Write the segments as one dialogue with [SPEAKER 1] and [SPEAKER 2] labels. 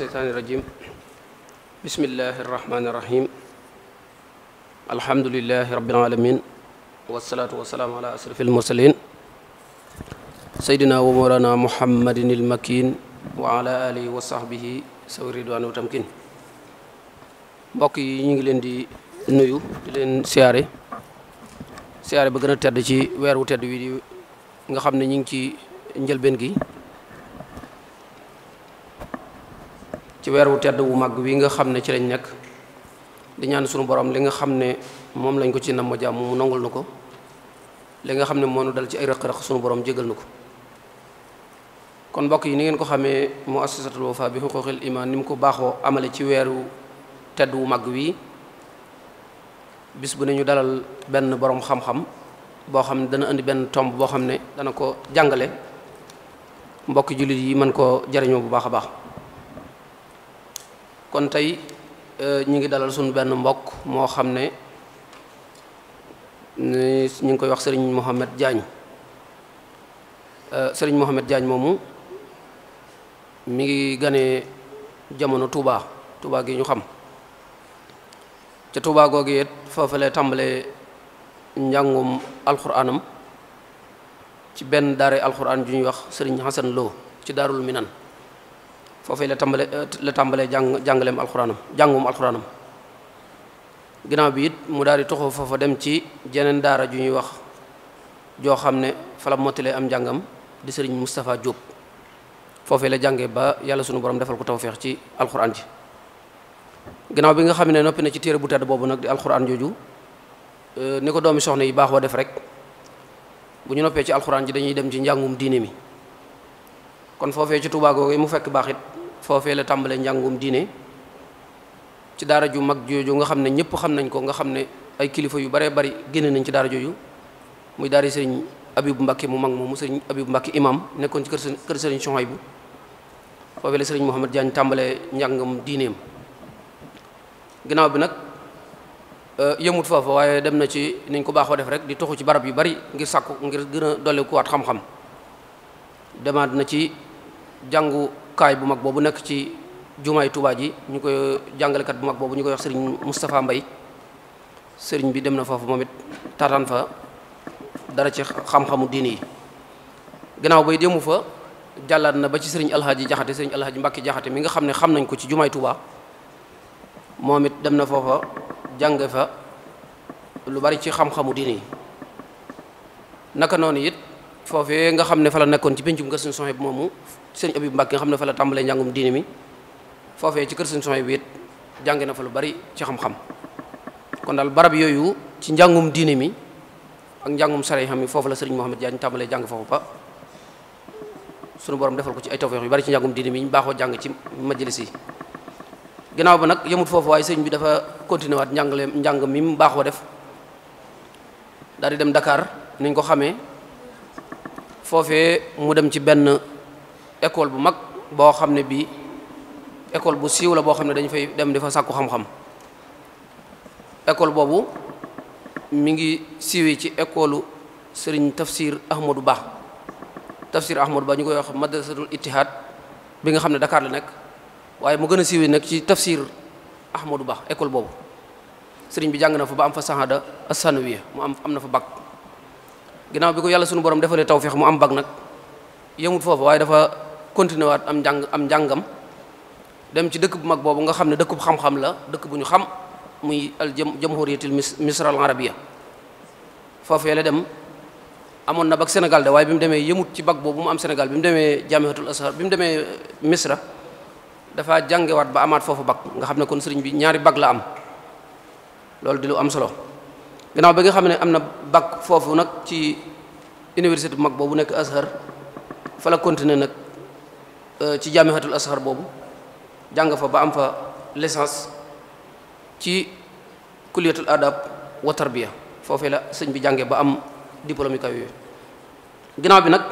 [SPEAKER 1] الشيطان الرجيم بسم الله الرحمن الرحيم الحمد لله رب العالمين والصلاة والسلام على أسرف المرسلين سيدنا ومولانا محمد المكين وعلى آله وصحبه سوي رضوان وتمكين بقي yi ñu ngi leen di nuyu di leen siyaare siyaare ba gën a tedd nga xam ne ñu ngi ci gi ci wéru tedd wu mag wi nga ci lañ nek di ñaan sunu borom li nga xam ne lañ ko ci namu jàmm mu nangul nuko li nga ne dal ci ay rek rek sunu borom jéggal nuko. kon mbokk yi ni ngeen ko xamé mu wafa bi xuquqil iman nim ko baxo amale ci wéru tedd wu mag wi bis bu nyo dalal ben borom xam-xam bo xamne dana andi ben tombe bo xamne dana ko jàngale mbokki julit yi man ko jariñoo bu baax kon tey e, ñu ngi dalal suñu benn mbokk moo xam ne ñu ngi koy wax sëriñ Mouhamed Diagne e, sëriñ Mouhamed jaañ moomu mi ngi ganee jamono Touba Touba gi ñu xam ca Touba googu it foofu lay tàmbalee njàngum alxuraanam ci benn daare alxuraan ju ñuy wax sëriñ Hasan loo ci daarul Minan fofé la tambalé eh, la tambalé jang jangalem Al jangum alxuraanam ginaaw bi it mu daari toxo toxu dem ci jenen daara ju ñuy wax jo xam fa la mottalee am jangam di serigne mustapha Diop fofé la jangé ba yalla sunu borom defal ko tawfiq ci alxuraan ji ginaaw bi nga xam nopi na ci téré bu tedd bobu nak di Al joju euh niko doomi soxna yi bax wa def rek bu ñu noppee ci alxuraan ji dañuy dem ci jangum diiné mi kon fofé ci touba gogé mu fekk baxit foofee la tàmbale njàngum diine ci daara ju mag jooju nga xam ne ñëpp xam nañ ko nga xam ne ay kilifa yu baree bari génne nañ ci daara jooju muy daara sëriñ Abibu Mbàkke mu mag moomu sëriñ Abibu Mbàkke imam nekkoon ci kër kër sëriñ Suhaybu foofee la sëriñ Mouhamed Diagne tàmbale njàngum diineem ginnaaw bi nag euh, yëmut foofa waaye dem na ci niñ ko baaxoo def rek di toxu ci barab yu bari ngir sàkku ngir gën a dolli kuwaat xam-xam demaat na ci jàngu kay bu mag bobu nek ci jumaay touba ji ñu koy kat bu mag bobu ñu wax serigne taranfa Mbay serigne bi dem na fofu momit it fa dara ci xam-xamu diini ginaaw bay demu fa jallat na ba ci serigne alxaaji jaxate serigne alxaaji mbàkki jaxate mi nga xamne xam nañ ko ci jumaay touba momit dem na fofu jànge fa lu bari ci xam-xamu diini naka non yit fofé nga fa la nekkon ci pencum sëñ Abib Mbàkke xam ne fa la tàmbalee njàngum diine mi foofee ci kër sëñ Sohaybu bi it jànge na fa lu bari ci xam-xam kon daal barab yooyu ci njàngum diine mi ak njàngum sare xam mi foofu la sëriñ Mouhamed Diagne tàmbalee jàng foofu ba borom defal ko ci ay yu bari ci njàngum diine mi ñu baaxoo jàng ci majalis yi ginnaaw ba nag yemut foofu waaye sëriñ bi dafa continué waat njàngale njàng mi mu baaxoo def daal di dem Dakar niñ ko xamee foofee mu dem ci benn école bu mag bo xam bi école bu siiw la bo xam dañ fay dem difa sakku xam-xam école bobu mi ngi ci école serigne tafsir ahmadou ba tafsir ahmadou ba ñu koy wax madrasatul ittihad bi nga xam Dakar la nek waye mu gëna a nak ci tafsir ahmadou ba école bobu serigne bi jang na fa ba am fa sahada asanawiya mu am amna fa bac ginaaw bi ko yalla sunu borom defale tawfiq mu am bac nak fofu waye dafa continuer wat am jang am jangam dem ci dëkk bu mag bobu nga xamne ne bu xam-xam la dëkk bu ñu xam muy al jamhuriyatil misr al arabia ya la dem amon na bak senegal da way bimu deme yemut ci bak bobu mu am senegal bimu deme demee jamihatul ashar bimu deme misra dafa wat ba amat fofu bak nga xamne kon serigne bi ñaari bak la am lol di lu am solo ginaaw ba nga xamne amna am fofu nak ci université bu mag bobu nek ashar fa la continuer nak Eh, ci jamihatul ashar bobu jang fa ba am fa licence ci kuliyatul adab wa tarbiya fofé la sëñ bi jangé ba am diplôme yu ginaaw bi nak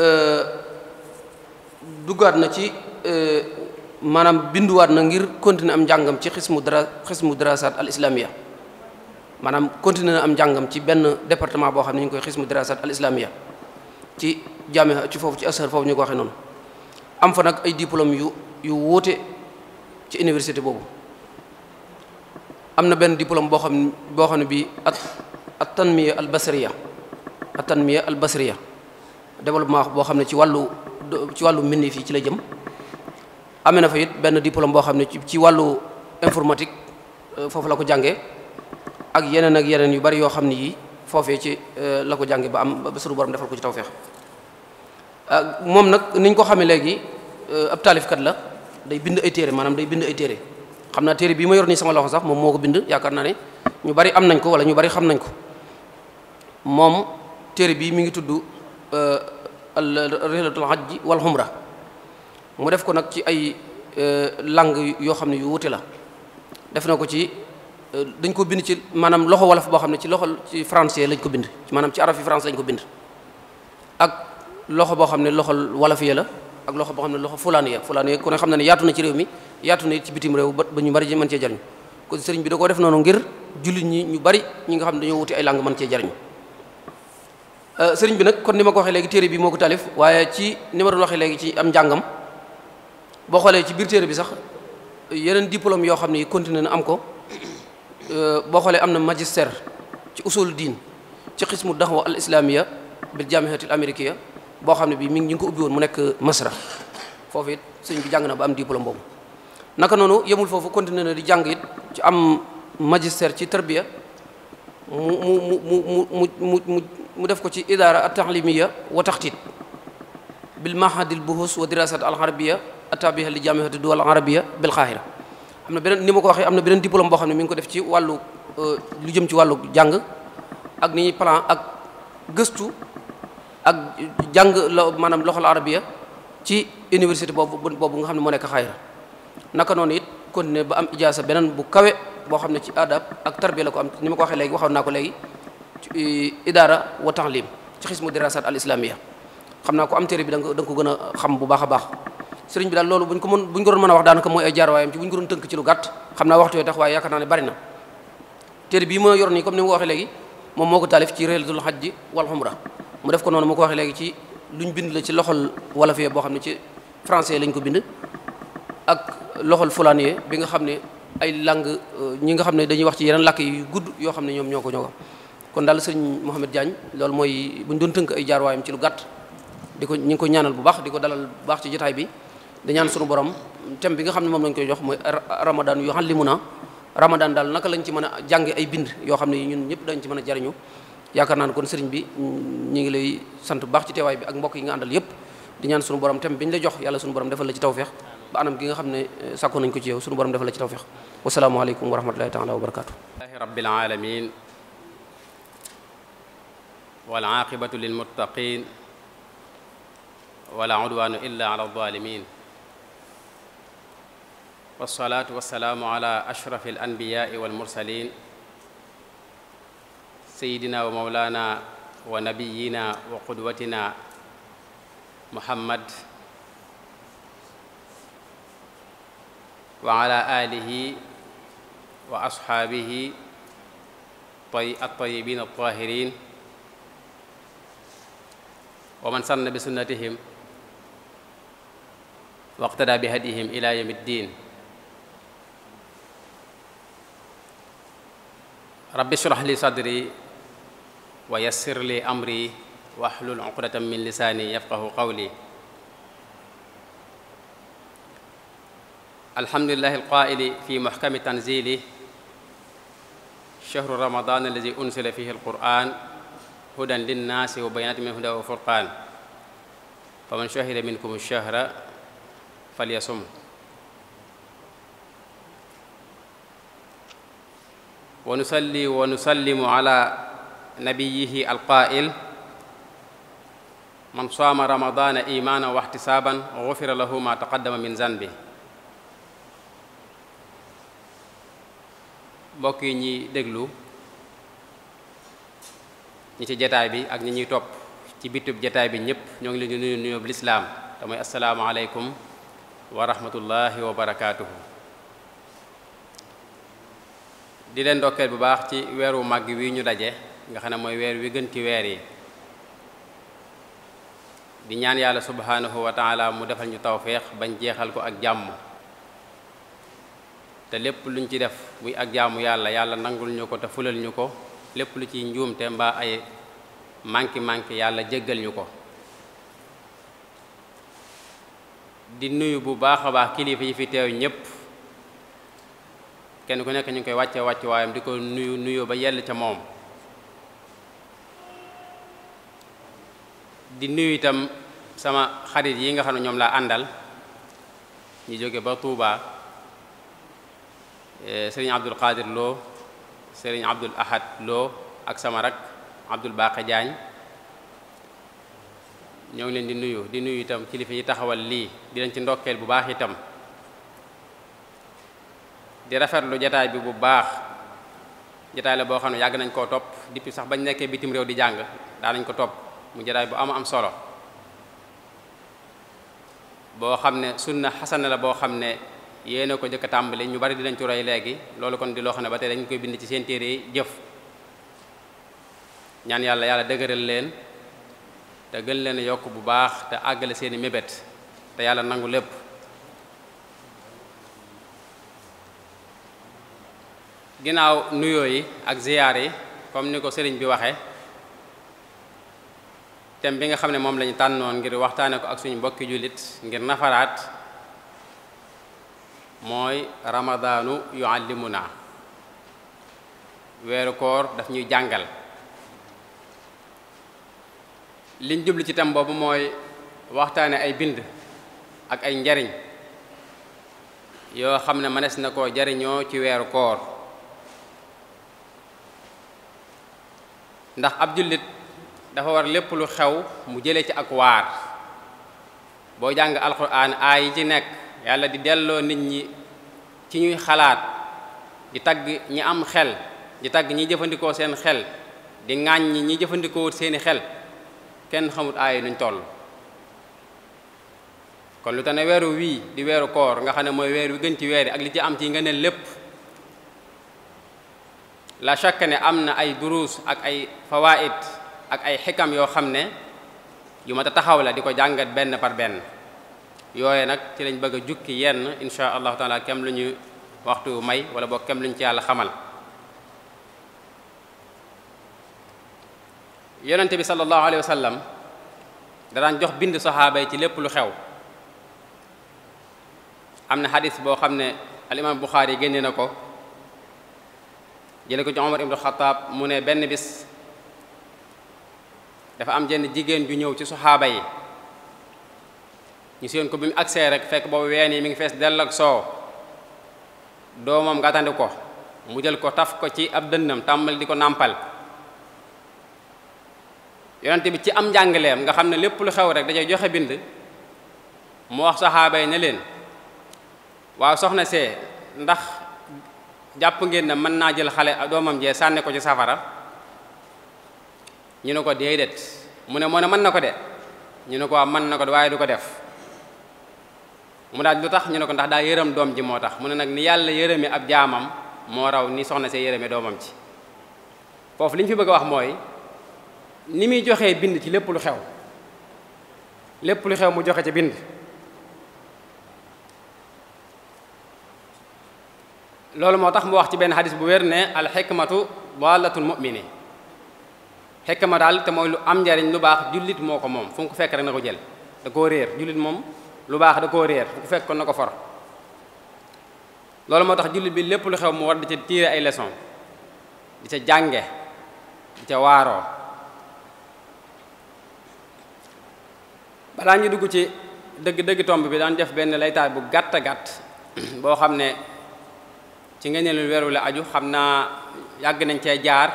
[SPEAKER 1] euh na ci eh, bindu wat na ngir continuer am jangam ci khismu dara khismu al Islamia. manam continuer na am jangam ci ben département bo xamni ne ñu koy khismu al Islamia. ci jamia ci fofu ci ashar fofu ñu ko waxe non am fa nak ay diplôme yu yu wote ci université bobu am na diplôme bo xam bo xam bi at at tanmiya al basriya at tanmiya al basriya développement bo xam ci walu ci walu minni fi ci la jëm amena na fa yit ben diplôme bo xam ci walu informatique euh, fofu la ko jangé ak yenen ak yenen yu bari yo xamni yi fofé ci euh, la ko jangé ba am ba suru borom defal ko ci tawfiq Ah, moom nag ni ko xamee léegi euh, ab taalifkat la day bind ay téere maanaam day bind ay téere xam naa téere bii ma yor nii sama loxo sax moom moo ko bind yaakaar naa ne ñu bari am nañ ko wala ñu bari xam nañ ko moom téere bii mu ngi tudd euh, rihlatul hajji wal humra mu def ko nag ci ay euh, langue yoo xam ne yu wute la def na ko ci dañ ko bind ci maanaam loxo wolof boo xam ne ci loxo ci français lañ ko bind maanaam ci arab yi français lañ ko bind loxo boo xam ne loxo wolof ya la ak loxo boo xam ne loxo fulaanu ya fulaanu ya ku ne xam na ne yaatu na ci réew mi yaatu na it ci bitim réew ba ñu bari mën cee jariñu kon sëriñ bi da koo def noonu ngir jullit ñi ñu bari ñi nga xam ne dañoo wuti ay langue mën cee jariñu euh, sëriñ bi nag kon ni ma ko waxee léegi téere bi moo ko taalif waaye ci ni léegi ci am njàngam boo xoolee ci biir téere bi sax yeneen diplôme yoo xam ne yi continué na am ko euh, boo xoolee am na magistère ci usul diin ci xismu daxwa al islamiya bil jaamihatil amérikiya boo xam ne bi mi ngi ñu ngi ko ubbi woon mu nekk masra foofu it sëñ bi jàng na ba am diplôme naka noonu yemul foofu continué na di jàng it ci am magistère ci tarbiya mu mu mu mu mu mu mu def ko ci idaara at taxlimiya wa taxtit bil mahadil buhus wa dirasat al arabiya attabiha li jamiati duwal arabiya bil xaahira am na beneen ni ma ko waxee am na beneen diplôme boo xam ne mi ngi ko def ci wàllu euh, lu jëm ci wàllu jàng ak ni ñuy ak gëstu ak jang manam loxol arabiya ci université bobu bobu nga xamne mo nek khayra naka noonu it continuer ba am ijasa benen bu kawé bo xamne ci adab ak tarbiya la am ni ko waxe legi waxoon nako legi ci idara wa ta'lim ci khismu dirasat al islamiya xamna ko am téere bi dang ko gëna xam bu baax a baax sëriñ bi dal lolu buñ ko mën buñ ko doon mëna wax danaka moy ay wayam ci buñ ko doon teunk ci lu gatt xamna waxtu tax way ne bari na yor ni comme ni ko legi léegi moom moo ci hajj wal umrah mu def ko noonu mu ko waxee léegi ci luñ bind la ci loxol wolof yee boo xam ne ci français lañ ko bind ak loxol fulaan yee bi nga xam ne ay lang euh, ñi nga xam ne dañuy wax ci yeneen làkk yu gudd yoo xam ne ñoom ñoo ko ñoo kon daal sëriñ Mouhamed Diagne loolu mooy bu ñu doon tënk ay jaarwaayam ci lu gàtt di ko ñu ngi ko ñaanal bu baax di ko dalal bu baax ci jotaay bi di ñaan borom thème bi nga xam ne moom lañ koy jox mooy ramadan yu xallimu na ramadan daal naka lañ ci mën a jànge ay bind yoo xam ne ñun ñëpp dañ ci mën a jariñu yaakaar naa ne kon sëriñ bi ñi ngi lay sant bu baax ci teway bi ak mbokk yi nga àndal yëpp di ñaan sunu borom tam biñ la jox yàlla sunu borom defal la ci tawfiq ba anam gi nga xamne ne nañ ko ci yow sunu borom defal la ci tawfiq wa salaamu alaykum wa rahmatullahi taala wa barakaatu
[SPEAKER 2] rabbil alamin wal aaqibatu lil muttaqin wala udwaanu illa ala zalimin والصلاة والسلام على أشرف الأنبياء والمرسلين سيدنا ومولانا ونبينا وقدوتنا محمد وعلى آله وأصحابه الطيبين الطاهرين ومن سن بسنتهم واقتدى بهديهم إلى يوم الدين رب اشرح لي صدري ويسر لي أمري واحلل عقدة من لساني يفقه قولي الحمد لله القائل في محكم تنزيله شهر رمضان الذي أنزل فيه القرآن هدى للناس وبيانات من هدى وفرقان فمن شهد منكم الشهر فليصم ونصلي ونسلم على نبيه القائل من صام رمضان إيمانا واحتسابا غفر له ما تقدم من ذنبه بوكي ني دغلو déglu تي جتاي بي اك ني ñi ñuy topp ci bitub jataay bi ñëpp ñoo نيو leen di nuyu nuyoob lislaam te mooy wa di len dokkel bu baax ci wéru màgg wi ñu daje nga xam ne mooy weer wi gën ci weer yi di ñaan yàlla subhanahu wa taala mu defal ñu tawféex bañ jeexal ko ak jàmm te lépp luñ ci def muy ak jaamu yàlla yàlla nangul ñu ko te fulal ñu ko lépp lu ciy njuumte mbaa ay manki-manki yàlla jéggal ñu ko di nuyu bu baax a baax kilifa yi fi teew ñépp kenn ku nekk ñu ngi koy wàcce wàcc waayam di ko nuyu nuyu ba yell ca moom di nuyu itam sama xarit yi nga xam ñom la andal ñi joge ba Touba eh, serigne Abdul Qadir Lo sering Abdul Ahad Lo ak sama rak Abdul Baqa Diagne ñoo leen di nuyu di nuyu itam kilifa yi taxawal li di lañ ci ndokkel bu baax itam di rafetlu jotaay bi bu baax jotaay la bo yag nañ ko top depuis sax bañ nekké bitim rew di jang da nañ ko top mu jataay bu am am solo boo xam ne sunna xasana la boo xam ne yéena ko jëkk tàmbali ñu bari dinañ ci roy léegi loolu kon di loo xam ne ba tey dañ koy bind ci seen téere jëf ñaan yàlla yàlla dëgëral leen te gën leen yokk bu baax te àggale seeni mébét te yàlla nangu lépp ginnaaw nuyoo yi ak ziyaar yi comme ni ko sëriñ bi waxe tem bi nga xamne mom moom lañu tànnoon ngir waxtane ko ak suñu mbokk julit ngir nafarat ramadhanu ramadanu yuallimuna wéru koor daf ñuy jangal liñ jublu ci thème bobu moy waxtane ay bind ak ay njariñ yo xamne manes nako jariño ci wéru koor ndax abdulit dafa war lepp lu xew mu jele ci ak war bo jang alquran ay ci nekk di delo nit ñi ci ñuy xalaat di tag ñi am xel di tag ñi jëfëndiko seen xel di ngañ ñi jëfëndiko seen xel kenn xamut ay nuñ toll kon lu tane wëru wi di wëru koor nga xane moy wëru gën ci ak li ci am ci nga ne la chaque ne am ay durus ak ay fawaid ak ay xikam yo xamne yu mata taxaw la diko jàngat ben par ben yooye nak ci lañ bëgg jukki yenn insha allah taala kem luñu waxtu may wala bok kem luñ ci yàlla xamal yonente bi sallallahu alayhi wasallam da daan jox bind sahaba yi ci lépp lu xew amna hadith bo xamne al imam bukhari génne jële ko ci omar ibnu xataab mu bis dafa am jenn jigéen ju ñëw ci saxaaba yi ñu seen ko bi mu agsee rek fekk boobu ween yi mi ngi fees dell ak soow doomam nga tandi ko mu jël ko taf ko ci ab dënnam tàmbali di ko nàmpal yonente bi ci am njàngaleem nga xam ne lépp lu xew rek dajay joxe bind mu wax saxaaba yi ne leen waaw soxna see ndax jàpp ngeen ne mën naa jël xale doomam jee sànni ko ci safara ñu ne ko déedéet mu ne moo ne mën na ko de ñu ne ko waaw mën na ko de waaye du ko def mu daaj lu tax ñu ne ko ndax daal yërëm doom ji moo tax mu ne nag ni yàlla yërëme ab jaamam moo raw ni soxna see yërëme doomam ci foofu li ñu fi bëgg a wax mooy ni muy joxe bind ci lépp lu xew lépp lu xew mu joxe ca bind loolu moo tax mu wax ci benn xadis bu wér ne alxikmatu dalatul mumini xekk ma daal te moy lu am jariñ lu bax julit moko mom fu ko fek rek nako jël da ko réer julit mom lu bax da ko réer fu fek fekk kon na for lolou motax julit bi lépp lu xew mu war di ca ay leçon di ca jànge di ca waro balaa ñu dugg ci deug deug tomb bi daan def ben laytaay bu gatta gat bo xamne ci nga lu la aju xamna yag nañ ci jaar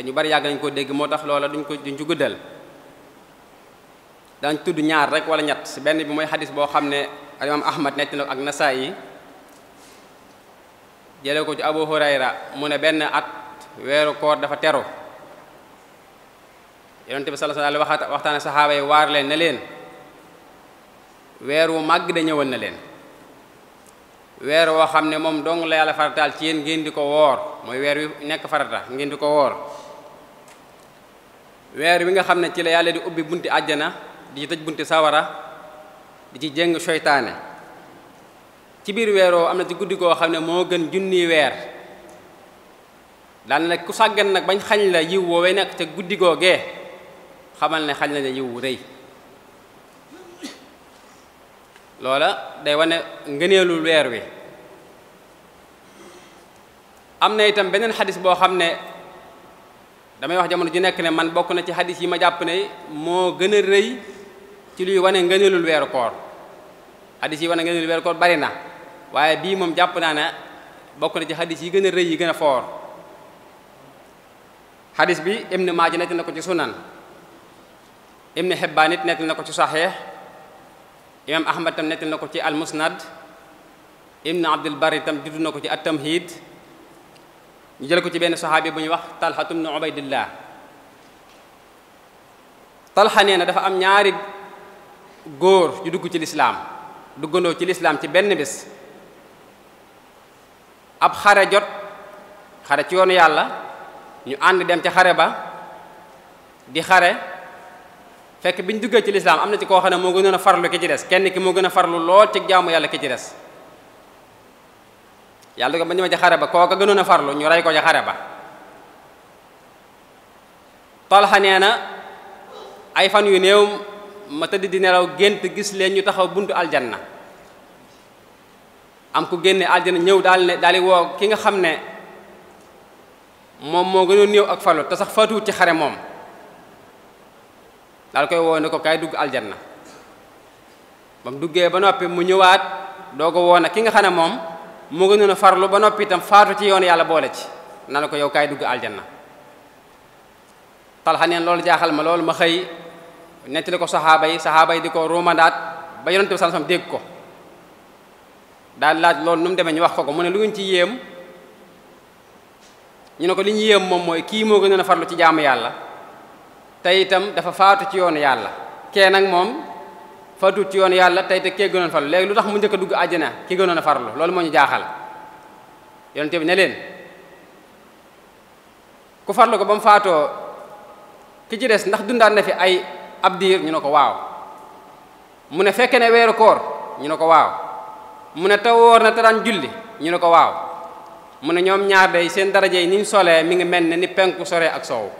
[SPEAKER 2] té ñu bari yag nañ ko dégg motax loolu duñ ko duñ ci guddal dañ tudd ñaar rek wala ñatt ci benn bi moy hadith bo xamné ne alimam ahmad nett nak ak nasa'i yi ko ci abu hurayra mu ne benn at wéru koor dafa téro yonente bi sallallahu alaihi wasallam waxtaane sahaba yi war leen ne leen weer wu màgg da na leen wer wo xamne ne dong la yalla faratal ci yeen ngeen diko wor moy wer wi nek farata ngeen diko wor weer wi nga xam ne ci la yàlla di ubbi bunti àjjana di ci tëj bunti sawara di ci jéng soytaane ci biir weeroo am na ci guddi goo xam ne moo gën junni weer daan na ku sàggan nag bañ xañ la yiw woowee nekk ca guddi goo googee xamal ne xañ la ne yiw wu rëy loola day wane ngëneelul weer wi am na itam beneen xadis boo xam ne damay wax jamono ju nek ne man bokku na ci hadith yi ma jàpp ne mo gëna a ci luy wane ngeenelul wër koor hadith yi wane ngeenelul wër koor bari na waye bi mom jàpp na na bokku na ci hadith yi gëna a yi gëna for hadith bi Ibn majah nek na ko ci sunan Ibn hibban nek nekk na ko ci sahih imam Ahmad tam nek na ko ci al musnad Ibn abd al Bari tam juddu na ko ci at tamhid ñu jël ko ci benn saxaabi bu ñu wax talhatum nu ubaydillah talha nee na dafa am ñaari góor yu dugg ci lislaam duggandoo ci lislaam ci benn bis ab xare jot xare ci yoonu yàlla ñu ànd dem ci xare ba di xare fekk biñ ñu duggee ci lislaam am na ci koo xam ne moo gënoon a farlu ki ci des kenn ki moo gën a farlu lool ci jaamu yàlla ki ci des yàlla ko ba ñu ma ci xare ba kooka gënoon a farlu ñu rey ko ca xare ba Talxa nee na ay fan yu néew ma tëdd di nelaw gént gis leen ñu taxaw buntu aljanna am ku génne aljanna ñëw daal ne daal di woo ki nga xam ne moom moo gënoon néew ak falu te sax faatuwut ci xare moom daal koy woo ne ko kaay dugg aljanna ba mu duggee ba noppi mu ñëwaat doo ko woo na ki nga xam ne moom moo ngi noonu farlu ba noppi itam faatu ci yoon yàlla boole ci na ko yow kaay dugg aljanna talxa neen loolu jaaxal ma loolu ma xëy nettali ko saxaaba yi saxaaba yi di ko ruumandaat ba yonente bi sallallahu alayhi dégg ko daal laaj loolu nu mu demee ñu wax ko ko mu ne lu ngeen ci yéem ñu ne ko li ñu yéem moom mooy kii moo gënoon a farlu ci jaamu yàlla te itam dafa faatu ci yoonu yàlla kee nag moom Fatu ci yoon yalla tay te kee gënoon farlu léegi lu mu njëkk aja dugg àjjana ki farlo. a farlu loolu moo jaaxal yonente bi ne leen ku farlu ko bam faato ki ci dess ndax dundaan na fi ay Abdir ñu ne ko waaw mu ne fekke ne weeru koor ñu ne ko waaw mu ne taw woor na taan julli ñu ne ko waaw mu ne ñoom ñaar day seen daraje ni ñu solé mi ngi melni ni penku sore ak soow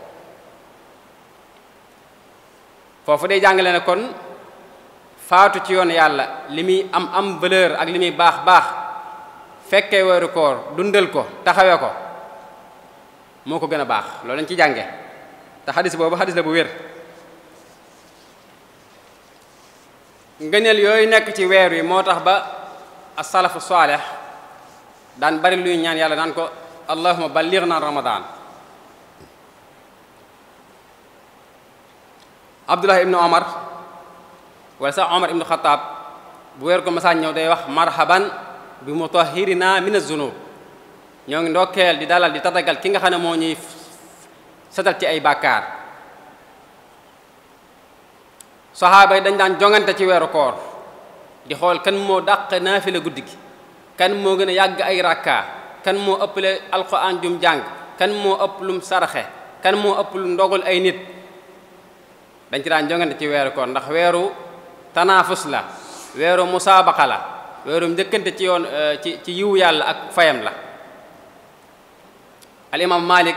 [SPEAKER 2] fofu day jangale ne kon faatu ci yoon yàlla li muy am am valeur ak li muy baax baax fekkee weeru koor dundal ko taxawee ko moo ko gën a baax loolu lañ ci jànge te xadis boobu xadis la bu wér ngëneel yooyu nekk ci weer wi moo tax ba asalafu saaleh daan bari luy ñaan yàlla daan ko allahuma balligh na ramadan abdullah ibnu omar wala sa omar ibnu khattab bu wer ko ñew day wax marhaban bi mutahhirina min az-zunub ñong ndokel di dalal di tatagal ki nga xane mo moo ñuy dan ci ay bakar sahaba yi dañ dan jongante ci weeru koor di xol kan mo dàq nafila guddigi kan mo gëna a ay rakka kan mo ëpple alquran jum jang kan mo ëpp lum saraxé kan mo ëpp lu ndogol ay nit dañ ci daan jongante ci wéru koor ndax wéru tanafus la wéro musabaqa la wéro ndekante ci yoon eh, ci ci yiw ak fayam la al imam malik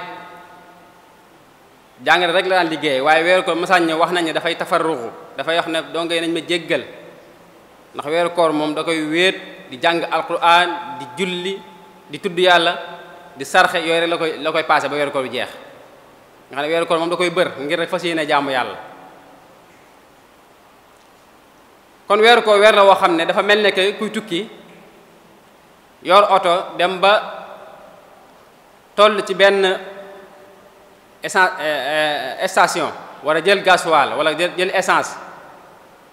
[SPEAKER 2] jangale rek la daan liggéey way wéro ko masaan ñëw wax nañ fay dafay da fay wax ne do ngay nañ ma jéggal ndax wéro koor mom da koy wéet di jàng alquran di julli di tuddu yalla di sarxé yoy rek la koy la koy passé ba wéro koor bi jeex nga wéro koor mom da koy bër ngir rek fas jaamu yalla kon weeru ko weer la woo xam ne dafa mel ne que kuy tukki yor oto dem ba toll ci benn essence eh, eh, station wala jël gasoil wala jël essance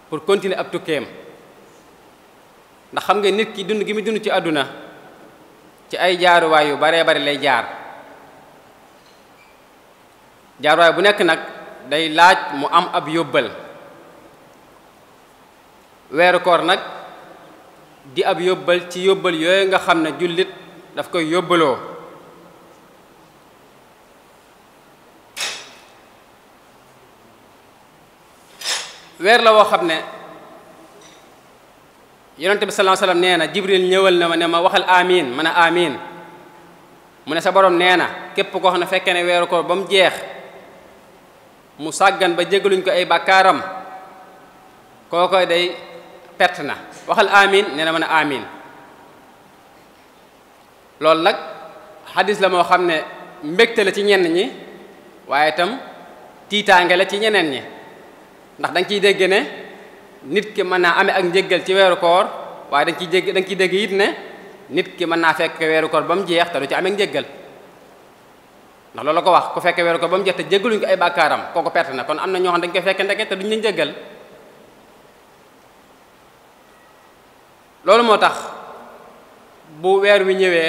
[SPEAKER 2] pour continuer ab tukkeem ndax xam nga nit ki dund gi mu dund ci àdduna ci ay jaaruwaay yu baree bari lay jaar jaaruwaay bu nekk nag day laaj mu am ab yóbbal weeru koor nag di ab yóbbal ci yóbbal yooyu nga xam ne jullit daf koy yóbbaloo weer la woo xam ne yonente bi sallallahu alayhi wasallam nee na jibril ñëwal na ma ne ma waxal amin mën ne amin mu ne sa borom nee na képp koo xam ne fekkee ne weeru koor ba mu jeex mu sàggan ba jégaluñ ko ay bàkkaaram koo koy day perte na waxal amin nee na mën a amin loolu nag xadis la moo xam ne mbégte la ci ñenn ñi waaye itam tiitaange la ci ñeneen ñi ndax da nga ciy dégg ne nit ki mën naa amee ak njéggal ci weeru koor waaye da nga ciy dégg da nga ciy dégg it ne nit ki mën naa fekk weeru koor ba mu jeex te du ci amee njéggal ndax loolu la ko wax ku fekkee weeru koor ba mu jeex te jéggaluñ ko ay bàkkaaram kooku perte na kon am na ñoo xam dañ koy fekkee ndeke te duñ la njéggal loolu motax bu wer wi ñewé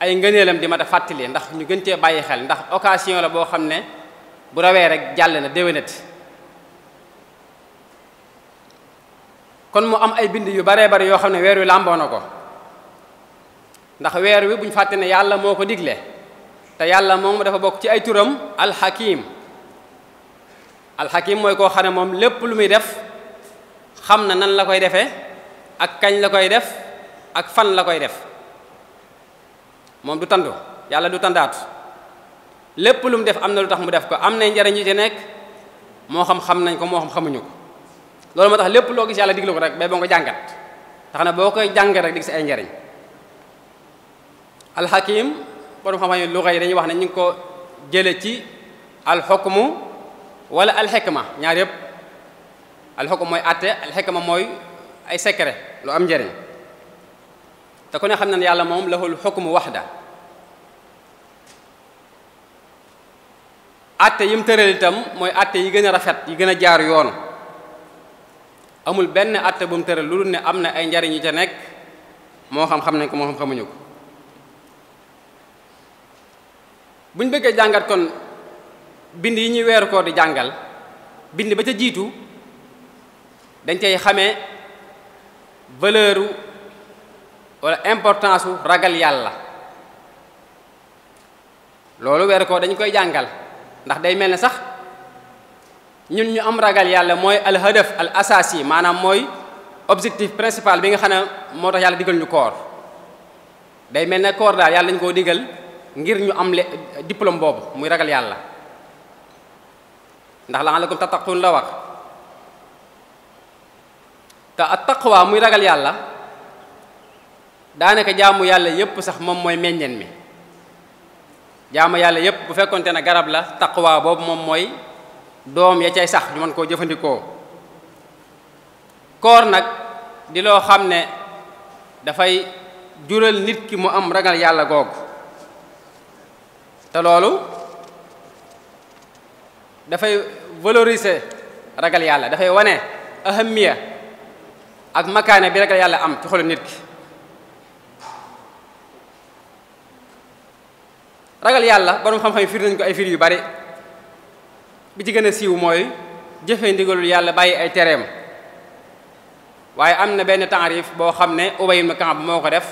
[SPEAKER 2] ay ngëneelam di mata fatali ndax ñu gën cee bàyyi xel ndax occasion la bo xamné bu rawé rek jàll na déwénati kon mu am ay bind yu bare bare yo xamné wer wi lambonako ndax wer wi buñ faté ne yàlla moko digle te yàlla moom dafa bok ci ay turam al hakim al hakim moy ko xamné mom lépp lu muy def xamna nan la koy defé ak kañ la koy def ak fan la koy def moom du tandu yàlla du tandaatu lépp lu mu def am na lu tax mu def ko am nay njariñ yu ci nekk moo xam xam nañ ko moo xam xamuñu ko loolu moo tax lépp loo gis yàlla diglu ko rek bay boo ko jàngat tax na boo koy jàngat rek dig si ay njariñ alxakim borom xam-xam yi luxa yi dañuy wax ne ñu ngi ko jële ci alxukmu wala alxikma ñaar yëpp alxukm mooy atte ma mooy ay secret lu am njariñ te ko ne xam na yàlla moom mu xukmu da atte yim tëral itam mooy atte yi gën a rafet yi gën a jaar yoon amul benn atte bu mu tëral lu dul ne am na ay njariñ yu ca nekk moo xam xam nañ ko moo xam xamuñu ko bu ñu bëggee jàngat kon bind yi ñuy weeru koor di jàngal bind ba ca jiitu dañ cay xamee valeur walla importance su ragal yàlla loolu weeru koor dañu koy jàngal ndax day mel ne sax ñun ñu am ragal yàlla mooy al al asasi maanaam mooy objectif principal bi nga xam ne moo tax yàlla digal ñu koor day mel ne koor daal yàlla dañu koo digal ngir ñu am le diplôme boobu muy ragal yàlla ndax la nga la ko tattaqun la wax te ak taqwa muy ragal yàlla daanaka jaamu yàlla yépp sax moom mooy meññeen mi jaamu yàlla yépp bu fekkonte ne garab la taqwa boobu moom mooy doom ya cay sax ñu mën koo jëfandikoo koor nag di loo xam ne dafay jural nit ki mu am ragal yàlla googu te loolu dafay valoriser ragal yàlla dafay wane ahamiya ak makane bi rek la yàlla am ci xolu nit ki ragal yàlla borom xam-xam yi firi ko ay fir yu bari bi ci gëna a siiw mooy jëfe ndigalul yàlla bàyyi ay tereem waye amna ben benn taarif boo xam Ubay ibn Kaab moko def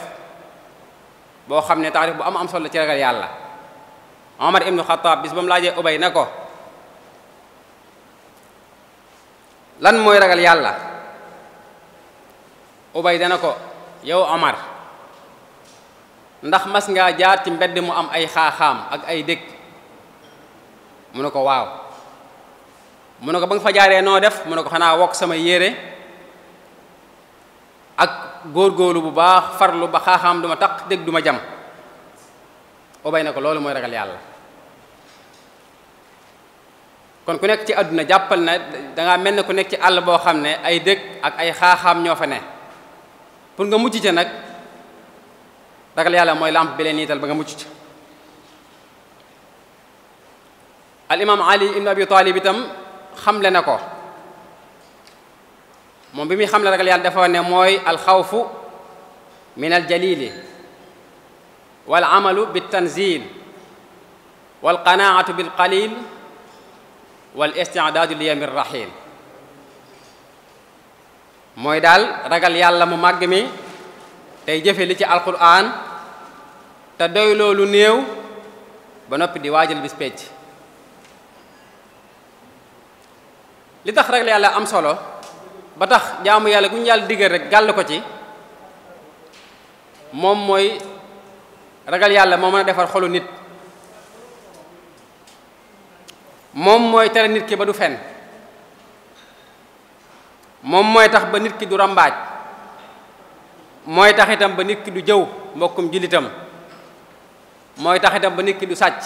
[SPEAKER 2] bo xamne ne taarif bu am am solo ci ragal yàlla Omar ibn khattab bis bam laaje Ubay nako lan moy ragal yàlla ubay dana ko yow omar ndax mas nga jaar ci mbedd mu am ay xaxam ak ay dekk mu ne ko waaw mu ne ko bang fa jaaré no def mu ne ko xana wok sama yéré ak golu bu baax farlu ba xaxam duma tak dekk duma jam ubay na ko loolu mooy ragal yalla kon ku nek ci aduna jappal na da nga melni ku nek ci àll bo xamne ay dekk ak ay xaxam ño fa nek pour nga mucc ci nak ragal yàlla moy làmp bi leen niital ba nga mucc ci al imam ali ibn abi talib tam xamle nako mom bi mi xamle ragal yàlla dafa ne moy al khawf min al jalil wal amal bit tanzil wal qanaatu bil qalil wal isti'dad li yamir rraxil mooy daal ragal yàlla mu màgg mi tey jëfe li ci alquran te doy loolu néew ba noppi di waajal bis pecc li tax ragal yàlla am solo ba tax jaamu yàlla gu ñu yàlla digal rek gàll ko ci moom mooy ragal yàlla moo mën a defar xolu nit moom mooy tere nit ki ba du fenn mom moy tax ba nit ki du rambaaj moy tax itam ba nit ki du jëw mbokum julitam moy tax itam ba nit ki du sacc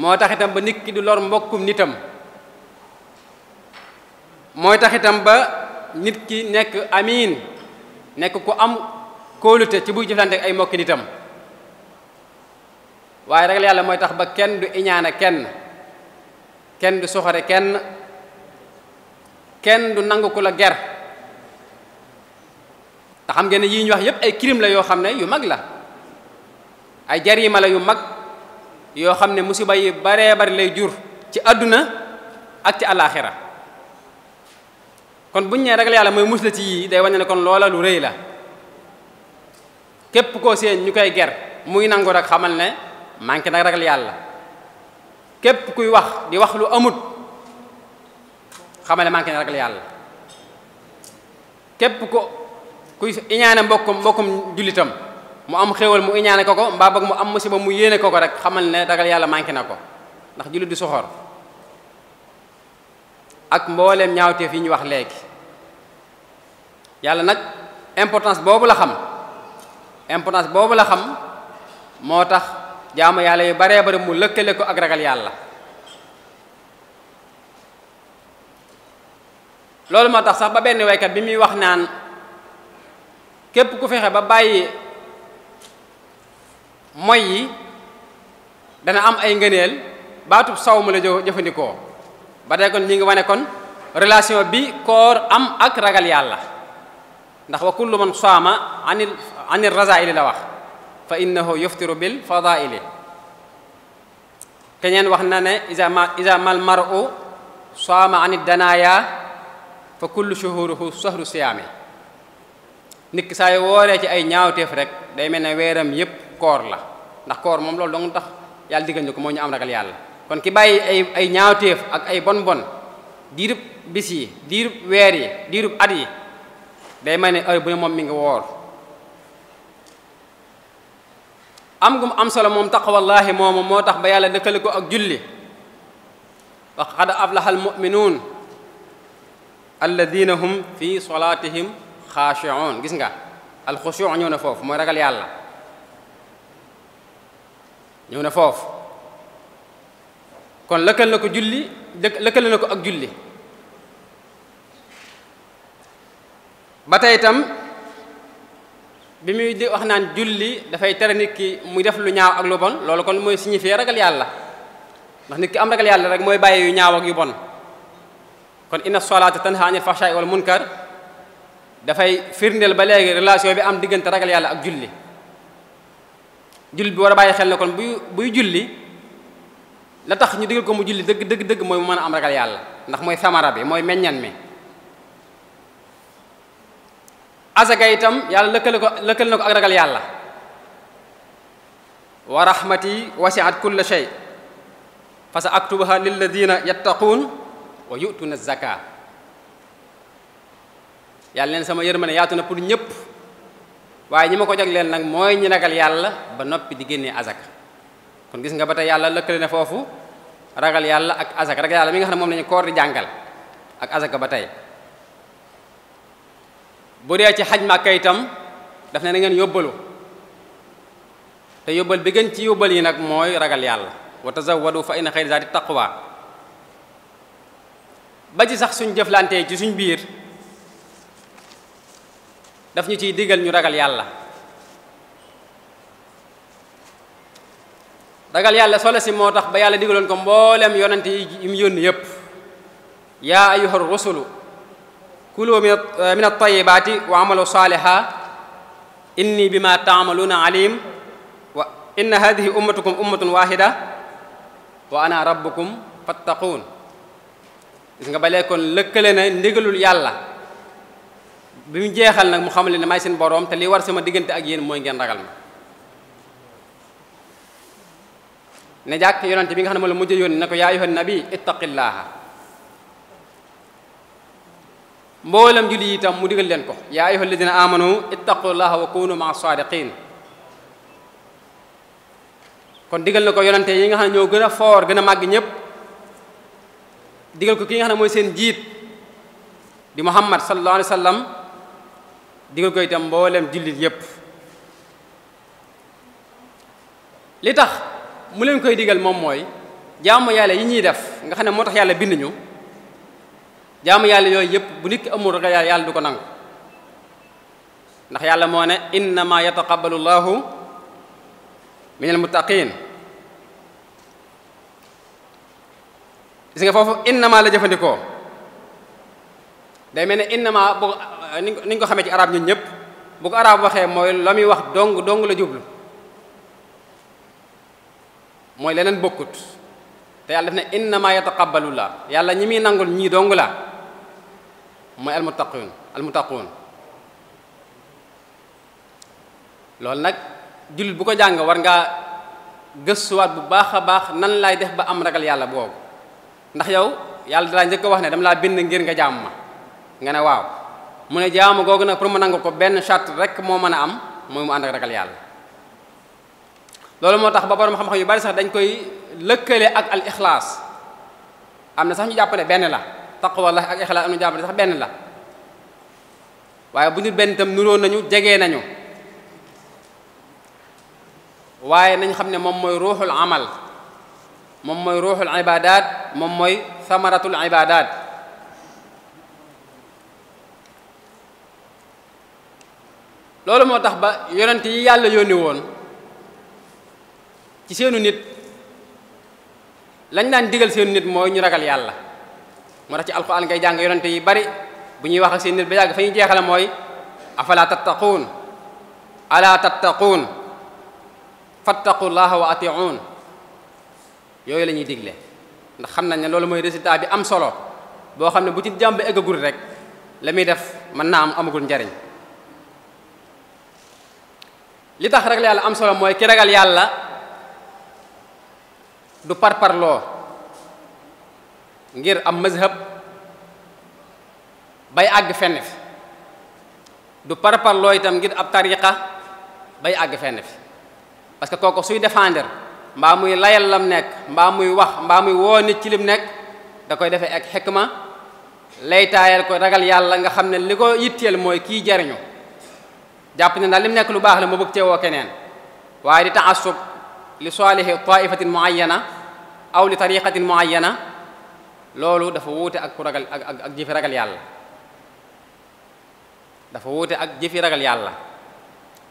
[SPEAKER 2] mo tax itam ba nit ki du lor mbokum nitam moy tax itam ba nit ki nek amin nek ko am kóolute ci buy jëflante ay mbokki nitam waaye ragal yalla moy tax ba kenn du iñana kenn kenn du soxare kenn Ken du nangou la ger ta xam ngeen yi ñu wax yépp ay crime la yo xamne yu mag la ay jarima la yu mag yo xamne musiba yi bare bare lay jur ci aduna ak ci alakhirah kon buñ nee ragal yalla moy musla ci yi day wane kon loola lu reey la kep ko seen ñukay ger muy nangou rek xamal ne manki nak ragal yalla kep kuy wax di wax lu amut xamale manqué ne ragal yàlla képp ko kuy iñaane mbokkum mbokkum jullitam mu am xéewal mu iñaane ko ko mbaa bëgg mu am musiba mu yéene ko ko rek xamal ne ragal yàlla manqué na ko ndax jullit du soxor ak mbooleem ñaawteef yi ñu wax léegi yàlla nag importance boobu la xam importance boobu la xam moo tax jaamu yàlla yi baree bari mu lëkkale ko ak ragal yàlla lolou motax sax ba benn way kat bi mi wax naan kep ku fexe ba bàyyi moy yi dana am ay ngeenel baatub saw la jëfandikoo ba day kon ñi nga wane kon relation bi koor am ak ragal yàlla ndax wa kullu man sama anil anir raza'il la wax fa innahu yaftiru bil fadail keneen wax na ne iza ma iza mal maru sama anid danaya fa kullu shuhuruhu shahru siyaami nik say saa ci ay ñaawteef rek day melne wéram yépp koor la ndax koor moom loolu dong tax yalla diggal bonbon ko moo ñu am ragal yalla kon ki bayyi ay ay ñaawteef ak ay bon bon diirub bis yi diirub weer yi day melne ay bu mom mi ngi wor am gum am solo mom taqwallaahi moomu moo ba yalla nekkal ko ak julli wa qad aflahal mu'minun alladina hum fi solatihim xaashiun gis nga alxushuc ñëw na foofu mooy ragal yàlla ñëw na foofu kon lëkkal na ko julli lëkkale na ko ak julli ba tey itam bi muy di wax naan julli dafay tere nit ki muy def lu ñaaw ak lu bon loolu kon mooy signifier ragal yàlla ndax nit ki am ragal yàlla rek mooy bàyyi yu ñaaw ak yu bon kon inna salata tanha anil fahsha'i wal munkar da fay firndel ba legi relation bi am digeunte ragal yàlla ak julli julli bi war a xel kon buy buy julli la tax ñu digel ko mu julli deug deug deug moy mu meuna am ragal yàlla ndax moy samara bi moy meññan mi asaka itam yàlla lëkkale ko lëkkale nako ak ragal yàlla wa rahmati wasiat kull shay fa sa lil lilladina yattaqun wa yutuna zakah. yalla len sama yermane yatuna pour ñepp waye ñima ma ko jagleel nak moy ñi ragal yalla ba nopi di genné azaka kon gis nga bata yalla yàlla na foofu ragal yalla ak azaka ragal yalla mi nga xam mom lañu koor di jangal ak azaka batay bu dee ci hajma kaytam daf na ngeen yobalu te yobal bi gën ci yobal yi nak moy ragal yalla wa fa in khayr zati taqwa ba ci sax suñu jëflanté ci suñu biir daf ñu ci digal ñu ragal yàlla ragal yàlla solo ci motax ba yàlla digaloon ko mbolam yonent yi mu yónni yépp yaa ayuha rusulu kulu min at-tayyibati wa amalu saaliha inni bima ta'maluna alim wa inna hadhihi ummatukum ummatun wahida wa ana rabbukum fattaqun gis nga balé kon lëkkale na ndigalul yàlla bimu jéxal nak mu xamal ni may seen borom te li war sama digënté ak yéen moy ngeen ragal ma ne jàkk yonante bi nga xam ne moo la mujj yónni ne ko ayyuhan nabi ittaqillah mbolam julli itam mu digal len ko ya ayyuhal ladina amanu ittaqullaha wa kunu maa sadiqin kon digal nako ko yonante yi nga xam ñoo gëna for gëna mag a ñëpp digal ko ki nga xam ne mooy seen jiit di muhammad sallallahu alayhi wa sallam digal ko itam mboolem jullit yépp li tax mu leen koy digal moom mooy jaamu yàlla yi ñuy def nga xam ne moo tax yàlla bind ñu jaamu yàlla yooyu yépp bu nit amul rek yàlla du ko nangu ndax yàlla moo ne innama yataqabbalu llahu min almuttaqin gis nga foofu innama la jëfandikoo day melni innama bu ni ko ci arab ñun ñëpp bu ko arab waxé moy lamuy wax dong dong la jublu moy leneen bokut te yalla defna ne innama yataqabbalu la yalla ñi muy nangul ñi dong la muttaqun al muttaqun lol nak julit bu ko jang war ngaa gëstuwaat bu baakha nan lay def ba am ragal yalla boobu ndax yow yàlla dalaa njëkk wax ne dama laa bind ngir nga jaamu ma nga ne waaw mu ne jaamu googu nag pour mu nangu ko benn charte rek moo mën a am mooy mu ànd ak ragal yàlla loolu moo tax ba borom xam-xam yu bari sax dañ koy lëkkale ak al ixlaas am na sax ñu jàpp benn la taqwa la ak ixlaas am na jàpp ne sax benn la waaye bu ñu benn itam nuróo nañu jege nañu waaye nañ xam ne moom mooy ruuxul amal moom mooy ruuxul ibaadaat moom mooy samaratul ibaadaat loolu moo tax ba yonent yi yàlla yónni woon ci seenu nit lañ daan digal seenu nit mooy ñu ragal yàlla moo tax ci alxuraan ngay jàng yonent yi bari bu ñuy wax ak nit ba yàgg fa ñuy jeexale mooy afala tattaquun ala tattaquun fattaqullaha wa atiun yooyu la ñuy digle ndax xam nañ ne loolu mooy résultat bi am solo boo xam ne bu ci jàmb eggagul rek la muy def mën naa am amagul njariñ li tax ragal yàlla am solo mooy ki ragal yàlla du parparloo ngir am mazhab bay àgg fenn fi du parparloo itam ngir ab tariqa bay àgg fenn fi parce que kooku suy défendre mbaa muy layal lam nekk mbaa muy wax mbaa muy woo nit ci lim nekk da koy defee ak xikma laytaayal ko ragal yàlla nga xam ne li ko yitteel mooy kii jariñu jàpp ne daal lim nekk lu baax la ma bëgg cee woo keneen waaye di taasub li saalihi taifatin muayyana aw li tariqatin muayyana loolu dafa wuute ak ku ragal ak ak ak jëfi ragal yàlla dafa wuute ak jëfi ragal yàlla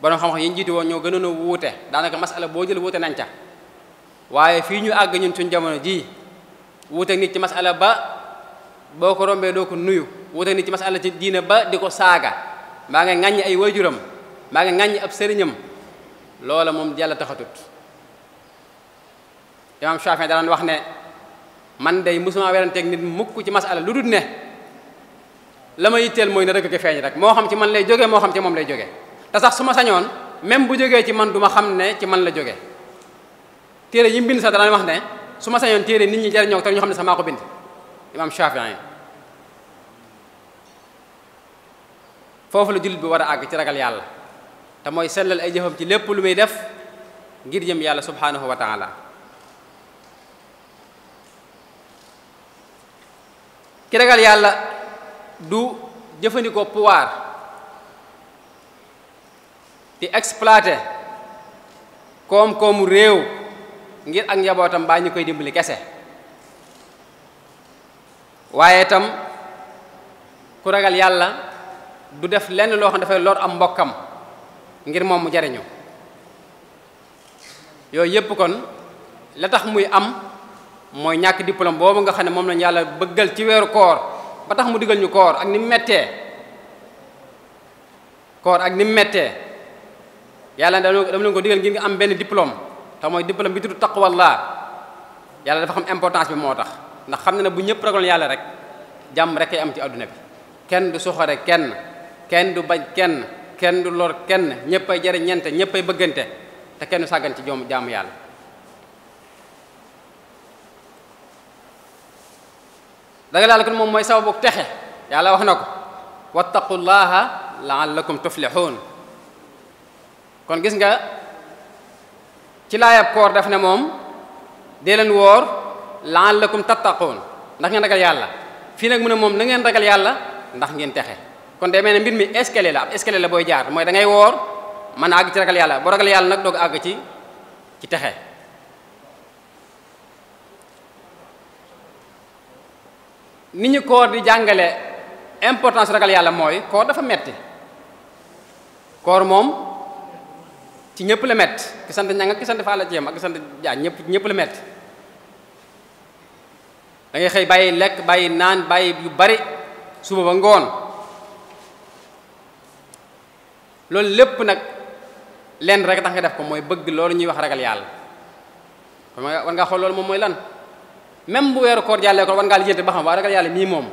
[SPEAKER 2] borom xam-xam yi ñu jiitu woon ñoo gënoon a wuute daanaka masala boo jël wuute nañ ca waaye fii ñu àgg ñun suñ jamono jii wuuteeg nit ci masala ba boo ko rombee doo ko nuyu wuuteeg nit ci masala ci diina ba di ko saaga maa ngi ŋàññi ay waajuram maa ngi ngàññ ab sëriñam loola moom yàlla taxatut imaam Shaafi'i daan wax ne man day musuma weranteeg nit mukk ci masala lu dul ne la ma yitteel mooy na dëgg ko feeñ rek moo xam ci man lay jógee moo xam ci moom lay jógee te sax su ma sañoon même bu jógee ci man du ma xam ne ci man la jóge téere yi mu bind sax danañ wax ne su ma sañoon téere nit ñi jariñoo te ñu xam ne sax ko bind imaam Shafii foofu la jullit bi war a àgg ci ragal yàlla te mooy sellal ay jëfam ci lépp lu muy def ngir jëm yàlla subhaanahu wa taala ki ragal yàlla du jëfandikoo pouvoir di exploiter koom-koomu réew ngir ak njabootam baa ñu koy dimbali kese waaye itam ku ragal yàlla du def lenn loo xam dafay lor am mbokkam ngir moom mu jariñu yooyu yépp kon la tax muy am mooy ñàkk diplôme boobu nga xam ne moom lañu yàlla bëggal ci weeru koor ba tax mu digal ñu koor ak ni mu mettee koor ak ni mu mettee yàlla dama leen ko digal ngir nga am benn diplôme te moy dimbalam bi taqwa Allah, yalla dafa xam importance bi motax ndax xam na bu ñepp ragal yalla rek jam rek ay am ci aduna bi kenn du soxore kenn kenn du bañ kenn kenn du lor kenn ñëpp ay jariñante ñëpp ay bëggante te kenn sagan ci ci jam yalla da nga la ko mom moy sababu texe yalla wax nako wattaqullaha laallakum tuflihun kon gis nga ci laayab koor daf ne moom dee leen woor la'allakum tattaqoon ndax ngeen ragal yàlla fii nag mu ne moom na ngeen ragal yàlla ndax ngeen texe kon day mel ne mbir mi escalier la ab escalier la booy jaar mooy da ngay woor mën a àgg ci ragal yàlla boo ragal yàlla nag doog àgg ci ci texe ni ñu koor di jàngale importance ragal yàlla mooy koor dafa metti koor moom ci ñepp la met ki sant ñanga ki sant faala ci yam ak sant ja ñepp ñepp la met da ngay xey bàyyi lek bàyyi naan bàyyi yu bari suba ba ngoon lool lepp nak len rek tax nga def ko moy bëgg lool ñuy wax ragal yàlla kon war ngaa xool loolu moom mooy lan même bu weeru koor jàllee ko wan nga li ba baxam wa ragal yalla mii mom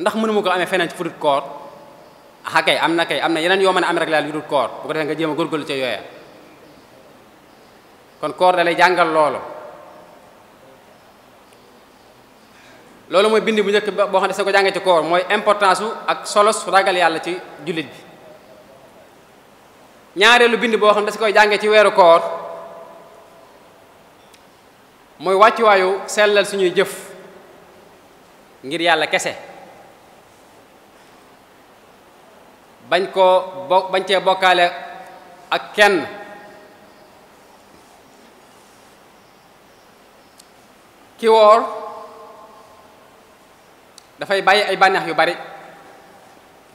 [SPEAKER 2] ndax mënu ko amee ci fudut koor hakay amna kay amna yenen yo yoo am rek yàlla yudut koor bu ko def nga jéem gorgol ci yoyal kon koor dalay lolo, lolo lolo moy bindi bu ñëk bo xamne sa ko jangé ci koor moy importance ak solos ragal yalla ci julit bi ñaareelu bindi boo xam ne da si koy jàngee ci wéru koor waccu wayu selal suñu jëf ngir yalla kese bañ ko bañ ci bokalé ak kenn ki dafay bàyyi ay bànneex yu bari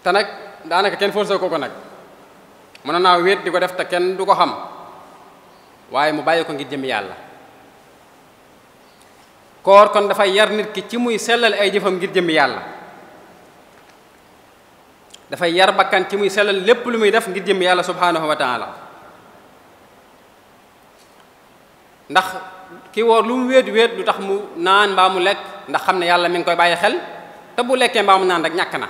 [SPEAKER 2] te nag daanaka kenn forcé ko ko nag mën naa wéet di ko def te kenn du ko xam waaye mu bàyyi ko ngir jëm yàlla koor kon dafay yar nit ki ci muy sellal ay jëfam ngir jëm yàlla dafay yar bakkan ci muy sellal lépp lu muy def ngir jëm yàlla subhanahu wa ndax ki wor lu mu wéet lu tax mu nan ba mu lek ndax xamne yàlla mi ngi koy baye xel te bu lekke ba mu nan rek ñak na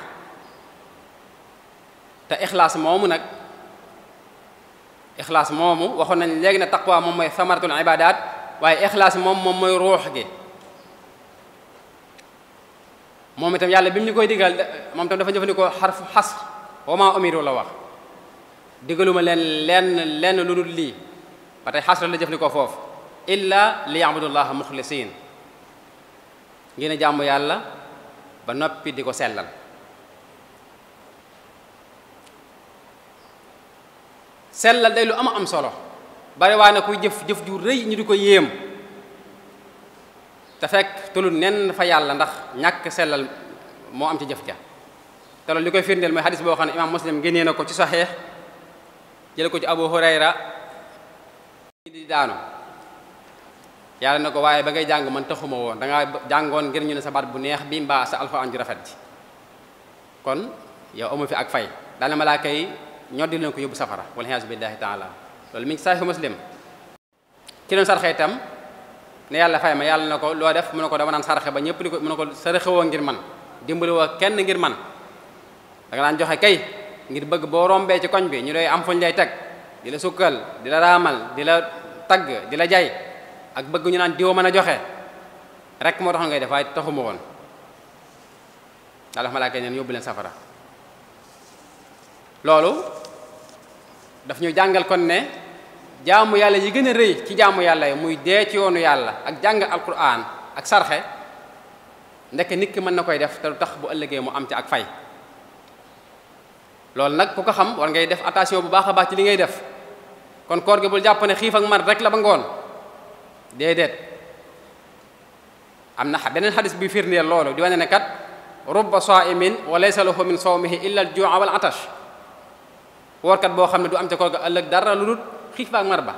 [SPEAKER 2] te ikhlas momu nak ikhlas momu waxon nañ legi na taqwa mom moy samaratul ibadat waye ikhlas mom mom moy ruh gi mom itam yàlla bimu ñu koy digal mom tam dafa jëfandikoo xarfu has wa ma umiru la wax digaluma len len len lu dul lii ba tey xas la jëfandikoo fofu illa liya'budullaha mukhlisin ngeen a jàmm yàlla ba noppi di ko sellal sellal day lu ama am solo bari waa ne kuy jëf jëf ju rëy ñu di ko yéem te fekk tulul nenn fa yàlla ndax ñàkk sellal moo am ci jëf ja te loolu li koy firndeel mooy xadis boo xam ne imaam muslim génnee na ko ci saxiix jële ko ci abu hurayra di daanu yalla noko waye ba ngay jang man taxuma won da nga jangon ngir ñu ne sa bat bu neex bi mba sa rafet ji kon yow amu fi ak fay daana malaaka yi ñoddi leen ko yobu safara wal xiyaasu billahi taala lol mi ngi muslim ci doon sarxe itam ne yalla fay ma yalla nako lo def mu nako ko dama naan sarxe ba ñepp Girman. ko mu ne ko wo ngir man dimbali wo kenn ngir man da nga lan joxe kay ngir bëgg bo rombé ci koñ bi ñu doy am fuñ lay tek dila sukkal dila ramal dila tag dila jay ak bëgg ñu naan diwa mëna joxé rek mo tax ngay def ay taxuma won daal malaaka ñen yóbbu safara loolu daf ñu jangal kon ne jaamu yalla yi gëna a ci jaamu yalla muy dé ci yoonu yalla ak jang alquran ak sarxé ndekk nit ki mën na koy def te tax bu ëllëgé mu am ci ak fay loolu nak ku ko xam war ngay def attention bu baaxa baax ci li ngay def kon koor gi bul japp ne ak mar rek la ba déedéet am na beneen xadis bi firndeel loolu di wane ne kat rubba saimin wa laysa lahu min sawmihi illa al juu'a wal atash woorkat boo xam ne du am ca koor ga ëllëg dara lu dul xiif ak mar ba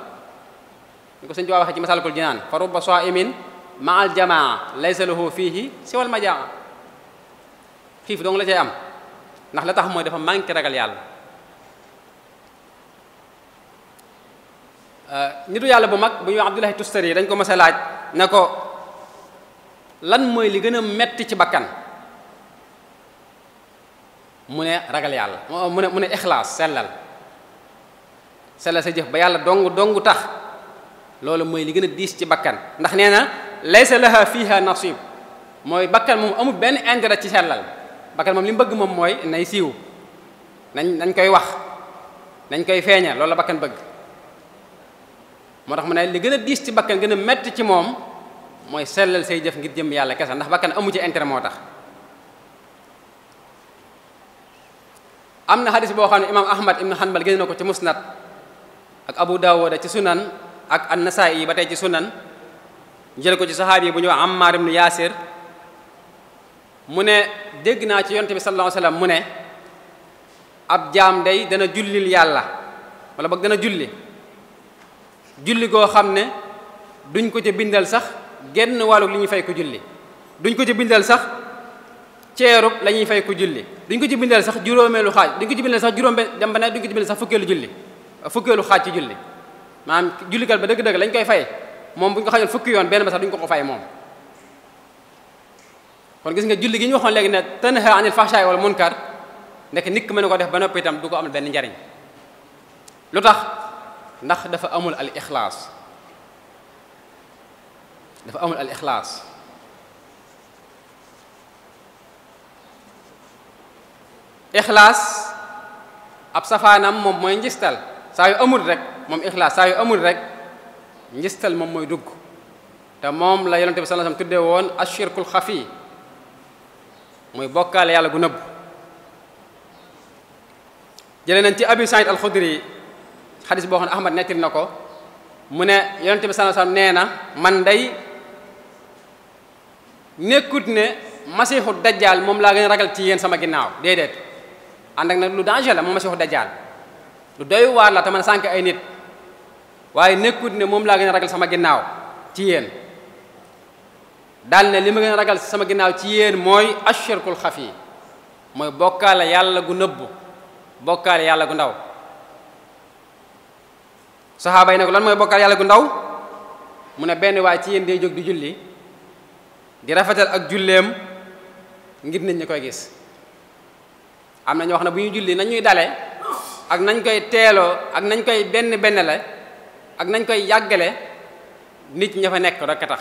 [SPEAKER 2] ñu ko sëñ Tuubaa waxee ci Masaalikul Jinaan fa rubba saimin ma al jamaa laysa lahu fiihi siwal majaa xiif dong la cay am ndax la tax mooy dafa manqué ragal yàlla Eh, nitu yalla bu mag bu ñu abdullahi tustari dañ ko mësa laaj ne ko lan moy li gëna metti ci bakkan mune ragal yalla mune mune ikhlas selal selal sa jëf ba yalla dong dong tax loolu moy li gëna diis ci bakkan ndax neena laysa laha fiha nasib Mui bakkan mom amu ben intérêt ci selal bakkan mom lim bëgg mom moy nay siiw nañ nañ koy wax nañ koy loolu bakkan bëgg moo tax mu ne li gën a diis ci bakkan gën a metti ci moom mooy sellal say jëf ngir jëm yàlla kese ndax bakkan amu ci intérêt moo tax am na xadis boo xam ne imaam ahmad ibnu hanbal génn na ko ci musnad ak abu daawuda ci sunan ak an ba tey ci sunan jël ko ci saxaabi yi bu ñu wax ammaar ibnu yaasir mu ne dégg naa ci yonte bi sallallahu alayhi mu ne ab jaam day dana jullil yàlla wala boog dana julli julli go xamne duñ ko ci bindal sax genn walu li fay ko julli duñ ko ci bindal sax ceerub la fay ko julli duñ ko ci bindal sax juromelu xaj duñ ko ci bindal sax juróom dem ba duñ ko ci bindal sax fukelu julli fukelu xaj ci julli manam julli gal ba deug deug lañ koy fay mom buñ ko xajal fukki yoon benn ba sax duñ ko ko fay mom kon gis nga julli gi ñu waxoon léegi ne tanha anil fahsha'i wal munkar nek nit ki mën ko def ba noppi itam du ko amul benn njariñ lutax ndax dafa amul al ixlaas dafa amul al ixlaas ixlaas ab safaanam moom mooy njistal saa yu amul rek moom ixlaas saa yu amul rek njistal moom mooy dugg te moom la yonente bi sallallahu alayhi wasallam tuddee woon ashirkul xafi muy bokkaale yàlla gu nëbb jëlee nañ ci abi saïd al xudri xadis boo xam ne ahmad nettali na ko mu ne yonente bi sallallahu alayhi nee na man day nekkut ne masiixu dajjaal moom laa gën a ragal ci yéen sama ginnaaw déedéet ànd ak nag lu danger la moom masiixu dajjaal lu doy waar la te man sànq ay nit waaye nekkut ne moom laa gën a ragal sama ginnaaw ci yéen daal ne li ma gën a ragal sama ginnaaw ci yéen mooy ashirkul xafi mooy bokkaale yàlla gu nëbbu bokkaale yàlla gu ndaw saxaaba yi ne ko lan mooy bokkaal yàlla gu ndaw mu ne benn waay ci yéen day jóg di julli di rafetal ak julleem ngir nit ñi koy gis am na ñoo xam ne bu ñu julli nañuy dale ak nañ koy teeloo ak nañ koy benn benn la ak nañ koy yàggale nit ña fa nekk rek a tax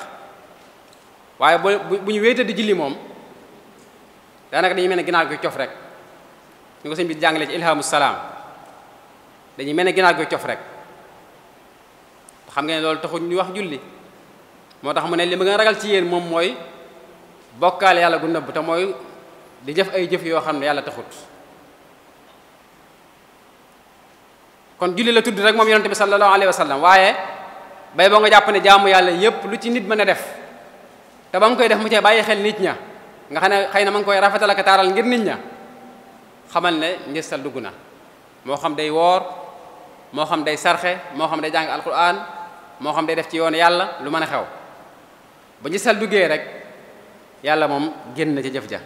[SPEAKER 2] waaye bu bu ñu wéete di julli moom daanaka dañuy mel ne ginaar koy cof rek bi jàngale ci salaam dañuy mel ne ginaar koy cof rek xam nga ne loolu taxul ñu wax julli moo tax mu ne li ma gën ragal ci yéen moom mooy bokkaale yàlla gu nëbb te mooy di jëf ay jëf yoo xam ne yàlla taxut kon julli la tudd rek moom yonente bi sallallahu alayhi wa sallam waaye bay boo nga jàpp ne jàmm yàlla yépp lu ci nit mën a def te ba nga koy def mu cee bàyyi xel nit ña nga xam ne xay na ma ngi koy rafetal ak taaral ngir nit ña xamal ne njëstal dugg na moo xam day woor moo xam day sarxe moo xam day def ci yoon yàlla lu mën a xew ba ñu sal duggee rek yàlla moom génn na ca jëf ja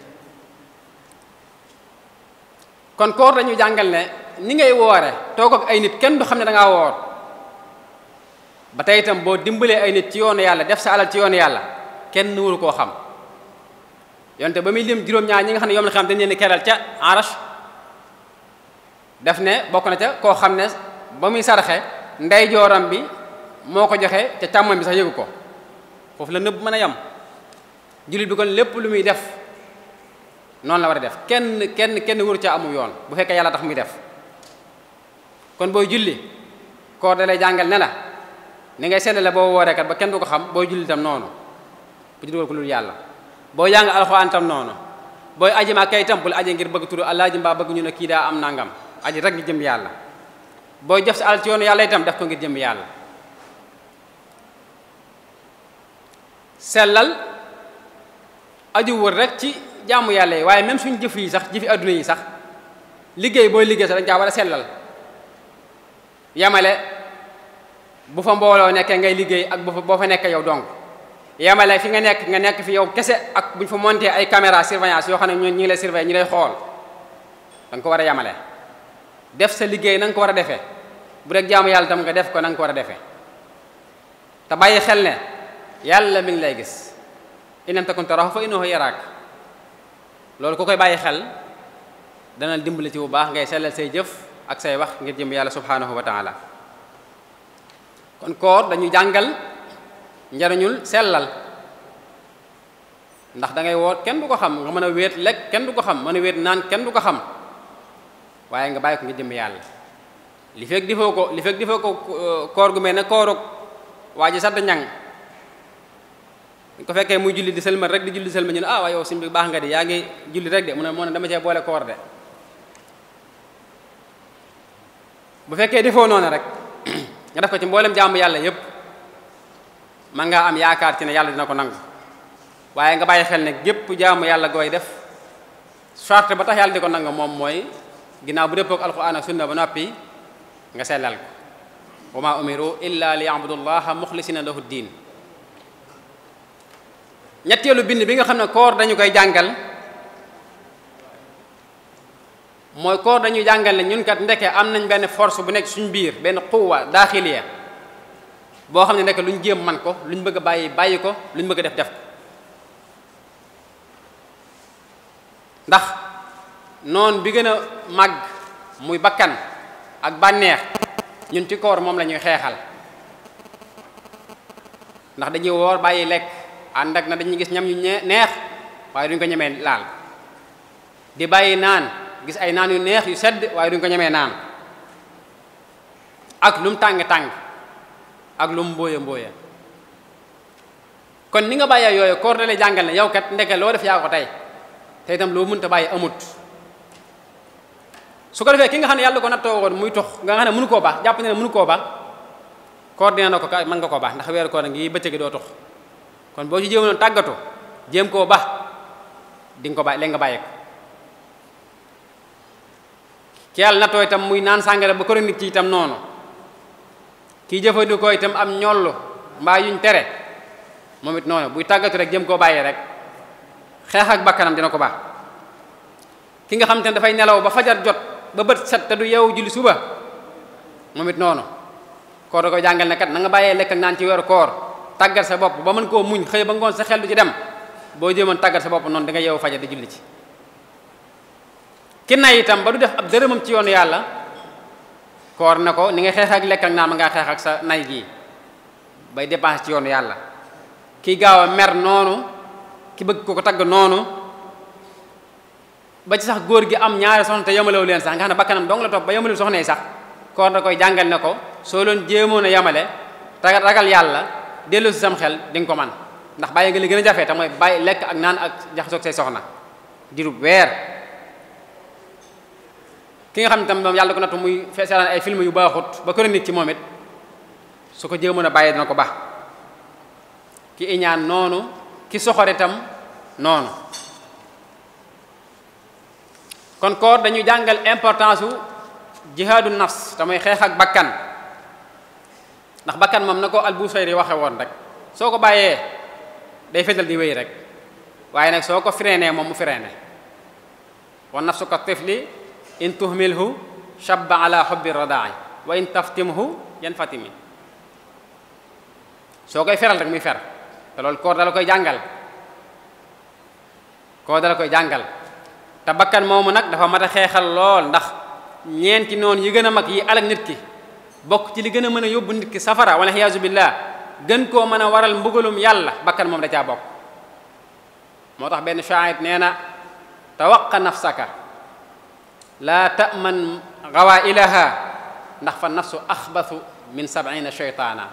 [SPEAKER 2] kon koor dañu jàngal ne ni ngay woore toog ak ay nit kenn du xam ne danga ngaa woor ba tey itam boo dimbalee ay nit ci yoonu yàlla def sa alal ci yoonu yàlla kenn waru koo xam yonte ba muy lim juróom-ñaar ñi nga xam ne yoom la xam dañ leen ni keral ca arash def ne bokk na ca koo xam ne ba muy saraxe ndeyjooram bi moko joxe te tamam bi sax yeguko ko mana la neub meuna yam julit bi kon lepp lu muy def non la war def kenn kenn kenn wuro ci amu yoon bu fekke yalla tax muy def kon boy julli ko dalay jangal jàngal ne la ni ngay bo wo rek ba kenn du ko xam boy julli tam nono bu ci ko lu yalla boy jang alquran tam noonu boy aji kay tam bul aji ngir bëgg turu allah jimba bëgg ñu ne ki da am nangam aji rek ngir jëm yalla boy jëf sa alal ci yoonu yàlla itam def ko ngir jëm yalla sellal ajuwul rek ci jàmm yàlla yi waaye même suñ jëf yi sax jëfi adduna yi sax liggéey booy liggéey sax dañ caa war a sellal yamale bu mbooloo nekkee ngay liggéey ak bu boo fa nekkee yow dong yamale fi nga nekk nga nekk fi yow kese ak bu fa monté ay caméra yoo xam ne ñu ngi lay surveiller ñu lay xool ko war a yamale def sa liggéey na ko war a defee bu dee jaamu yàlla tam nga def ko nanga ko war a defee te bàyyi xel ne yàlla mi ngi lay gis in lam takun tarahu fa innahu yaraak loolu ku koy bàyyi xel dana dimbali ci bu baax ngay sellal say jëf ak say wax ngir jëm yàlla subhanahu wa taala kon koor dañu jàngal njariñul sellal ndax da ngay woor kenn du ko xam nga mën a wéet lekk kenn du ko xam mën a wéet naan kenn du ko xam waaye nga bàyyi ko ngir jëm yàlla li fekk difoo ko li fekk difoo ko euh, koor gu mel ne koorug waa ji sadd ñang ko fekkee muy julli di sëlmal rek di julli di sëlmal ñu ne ah waaye yow sëñ bi baax nga di yaa ngi julli rek de mu ne moo ne dama cee boole koor de bu fekkee defoo noonu rek nga def ko ci mboolem jaamu yàlla yépp man ngaa am yaakaar ci ne yàlla dina ko nangu waaye nga bàyyi xel ne gépp jaamu yàlla gooy def charte ba tax yàlla di ko nangu moom mooy ginnaaw bu dëppook alquran ak sunna ba noppi nga sellal ko wa maa umiru illa li yabudullaha muxlisina lahu diin ñetteelu bind bi nga xam ne koor dañu koy jàngal mooy koor dañuy jàngal ne ñun kat ndeke am nañ benn force bu nekk suñ biir benn quwwa daaxiliya boo xam ne ndeke luñ jéem man ko luñ bëgg a bàyyi bàyyi ko ñu bëgg a def def ko ndax noonu bi gën a màgg muy bakkan ak bànneex ñun ci koor moom la ñuy xeexal ndax dañuy woor bàyyi lekk ànd ak na dañuy gis ñam yu neex waaye duñ ko ñemee laal di bàyyi naan gis ay naan yu neex yu sedd waaye duñ ko ñemee naan ak lum tàng-tàng ak lum mbóoya mbóoya kon ni nga bàyyee yooyu koor dalee jàngal ne yow kat ndeke loo def yaa ko tey te itam loo mun mënta bàyyi amut su ko defee ki nga xam ne yàlla ko nattoo woon muy tox nga xam ne mënu koo baax jàpp ne munu koo ba koor dina na ko kaa mën nga koo baax ndax weeru koor ngi bëccëg doo tox kon boo ci jéemoon tàggatoo jéem koo ba di nga ko bàyyi léegi nga bàyyi ko ki yàlla na tooy itam muy naan sàngara ba chronique ci itam noonu kii jëfandikoo itam am ñollu mbaa yuñ tere moom it noonu buy tàggatu rek jéem koo bàyyi rek xeex ak bakkanam dina ko baax ki nga xam te ne dafay nelaw ba fajar jot ba bët set te du yeewu julli suba moom it noonu koor da koy jàngal ne kat na nga bàyyee lekk ak naan ci weeru koor tàggat sa bopp ba mën koo muñ xëy ba ngoon sa xel du ci dem boo jéemoon tàggat sa bopp noonu da nga yeewu fajar di julli ci ki nay itam ba du def ab dërëmam ci yoonu yàlla koor na ko ni nga xeex ak lekk ak naan ngaa xeex ak sa nay gii bay dépense ci yoonu yàlla ki gaaw a mer noonu ki bëgg ko ko tagg noonu ba ci sax góor gi am ñaari soxna te yamalewu leen sax nga xam ne bakkanam dong la topp ba yamalewu soxna yi sax koor da koy jàngal ne ko soo leen jéemoon a yamale ragal yàlla delu ci sam xel ding ko man ndax baye nga li gëna a jafe baye lek ak lekk ak jaxso ak say soxna dirub wër ki nga xam tam moom yalla ko natou muy seetaan ay film yu baxut ba nit ci momit su ko jéemoon a bàyyi dana ko baax ki iñaan nonu ki soxore tam nonu kon koor dañu jangal importance jihadun nafs te xex ak bakkan ndax bakkan mom nako al Albusayri waxe won rek soko baye day fetal di wéy rek waye nak soko ko mom mu freiné wa nafsu ka tifli in tuhmilhu shabba ala hubbi radaai wa in taftimhu yanfatimi sokay feral rek muy fer te lol koor dal koy jàngal ko dal koy jàngal ta bakkan momu nak dafa mata xexal lol ndax ñeenti non yi gëna a mag yi alak nit ki bok ci li gëna mëna yóbbu nit ki safara wala hiyaz billah gën ko mëna waral mbugulum yàlla bakkan mom da ca bok motax ben benn neena tawaqqa nafsaka la taman gawa ilaha ndax fa nafsu akhbathu min 70 shaytana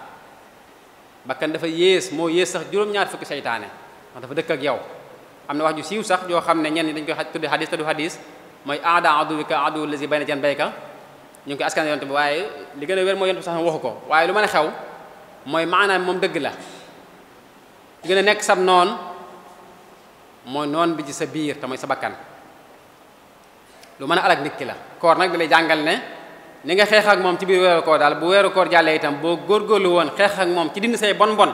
[SPEAKER 2] bakkan dafa yées mo yées sax juróom-ñaar fukki shaytane ndax dafa dëkk ak yow amna wax ju siiw sax yoo xamne ñen dañ koy tudde xadis te du xadis mooy aada aduwika adu allazi bayna jan bayka ñu ngi askan yonent bi waaye li gën a wér mooy yonent bi sax waxu ko waaye lu mën a xew mooy maanaam moom dëgg la gën a nekk sab noon mooy noon bi ci sa biir te mooy sa bakkan lu mën a alag nit ki la koor nag bi lay jàngal ne ni nga xeex moom ci biir weeru koor daal bu weeru koor jàllee itam boo góor góorgóorlu woon xeex moom ci dindi say bon bon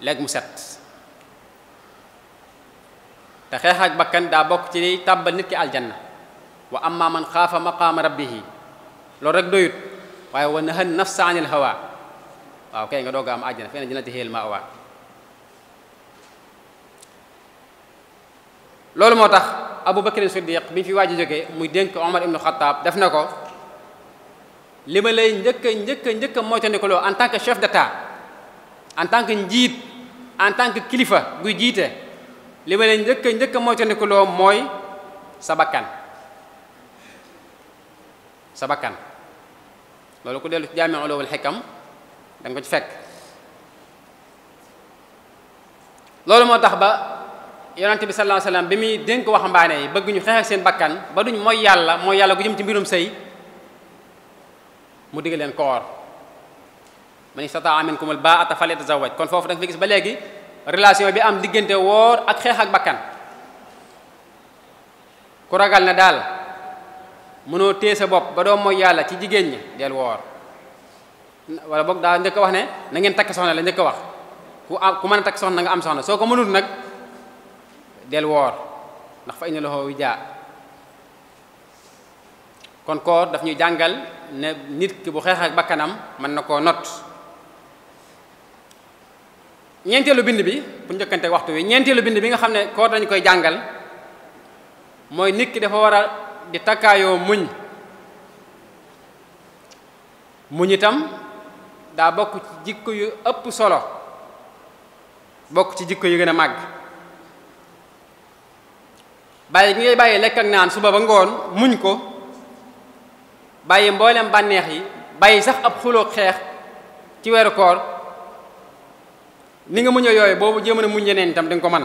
[SPEAKER 2] léegi mu set te xeex bakkan daa bokk ci tàbbal nit ki aljanna wa amma man xaafa maqaama rabbihi loolu rek doyut waaye wa nahan nafsa anil hawa waaw kay nga doog a am àjjana feneen jannati hiyal ma'wa loolu moo tax abu bakrin siddiq biñ ñu fi waaj jóge muy dénk omar ibnu xataab def na ko li ma lay njëkk a njëkk a njëkk a moytandikuloo en tant que chef d'état en tant que njiit en tant que kilifa guy jiite li ma lay njëkk a njëkk a moytandikuloo mooy sa bakkan sa bakkan loolu ku dellu ci jaami ulowul xikam da nga ko ci fekk loolu moo tax ba yonente bi sallallahu alayhi wasallam bi muy dénk waxambaane yi bëgg ñu xeex seen bakkan ba duñ mooy yàlla mooy yàlla gu jëm ci mbirum sëy mu digg leen koor man istataa minkum al baata falyatazawaj kon foofu da nga fi gis ba léegi relation bi am diggante woor ak xeex ak bakkan ku ragal ne daal mënoo téye sa bopp ba doo mooy yàlla ci jigéen ñi del woor wala boog daa njëkk wax ne na ngeen takk soxna la njëkk wax ku am ku mën a takk soxna nga am soxna soo ko mënul nag del ndax fa inna lahu kon koor daf ñuy jàngal ne nit ki bu xeex ak bakkanam mën na koo not ñeenteelu bind bi bu njëkkante waxtu wi ñeenteelu bind bi nga xam ne koor dañu koy jàngal mooy nit ki dafa war di takkaayoo muñ muñ itam daa bokk ci jikko yu ëpp solo bokk ci jikko yu gën a màgg bàyyi gi ngay bàyyi lekk ak naan suba ba ngoon muñ ko bàyyi mboolem bànneex yi bàyyi sax ab xuloo xeex ci weeru koor ni nga muñee yooyu boobu jéem a muñ yeneen itam da ko mën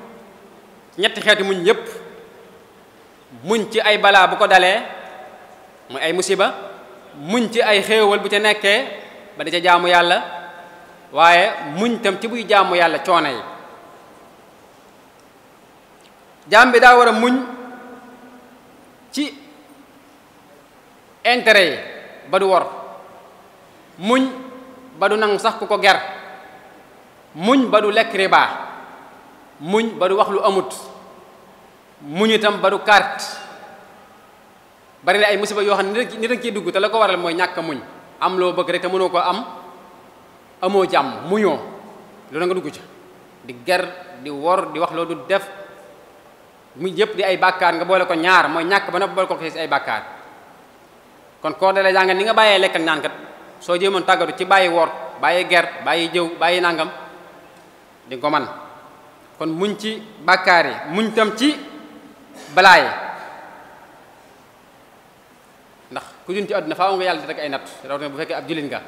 [SPEAKER 2] ñetti xeeti muñ yépp muñ ci ay balaa bu ko dalee muy ay musiba muñ ci ay xéewal bu ca nekkee ba di ca jaamu yàlla waaye muñ tam ci buy jaamu yàlla coono yi jaam bi daa war a muñ ci intérêt yi ba du wor muñ ba du nangu sax ku ko ger muñ ba du lekk riba muñ baru du wax lu amut muñ itam baru du carte bari la ay musiba yo xamne ni dang ci dugg te la ko waral moy ñaka muñ am lo bëgg rek te mëno ko am amo jam muño lu nga dugg ci di ger di wor di wax lo du def mu yëpp di ay bakkar nga boole ko ñaar moy ñak ba na boole ko ci ay bakkar kon ko dala jang ni nga baye lek ak nan kat so jëmon tagatu ci baye wor baye ger baye jëw baye nangam di ko man kon muñ ci bakari muñ tam ci balaa ndax ku dund ci àdduna faaw nga yalla rek ay raw na bu fekke ab julin nga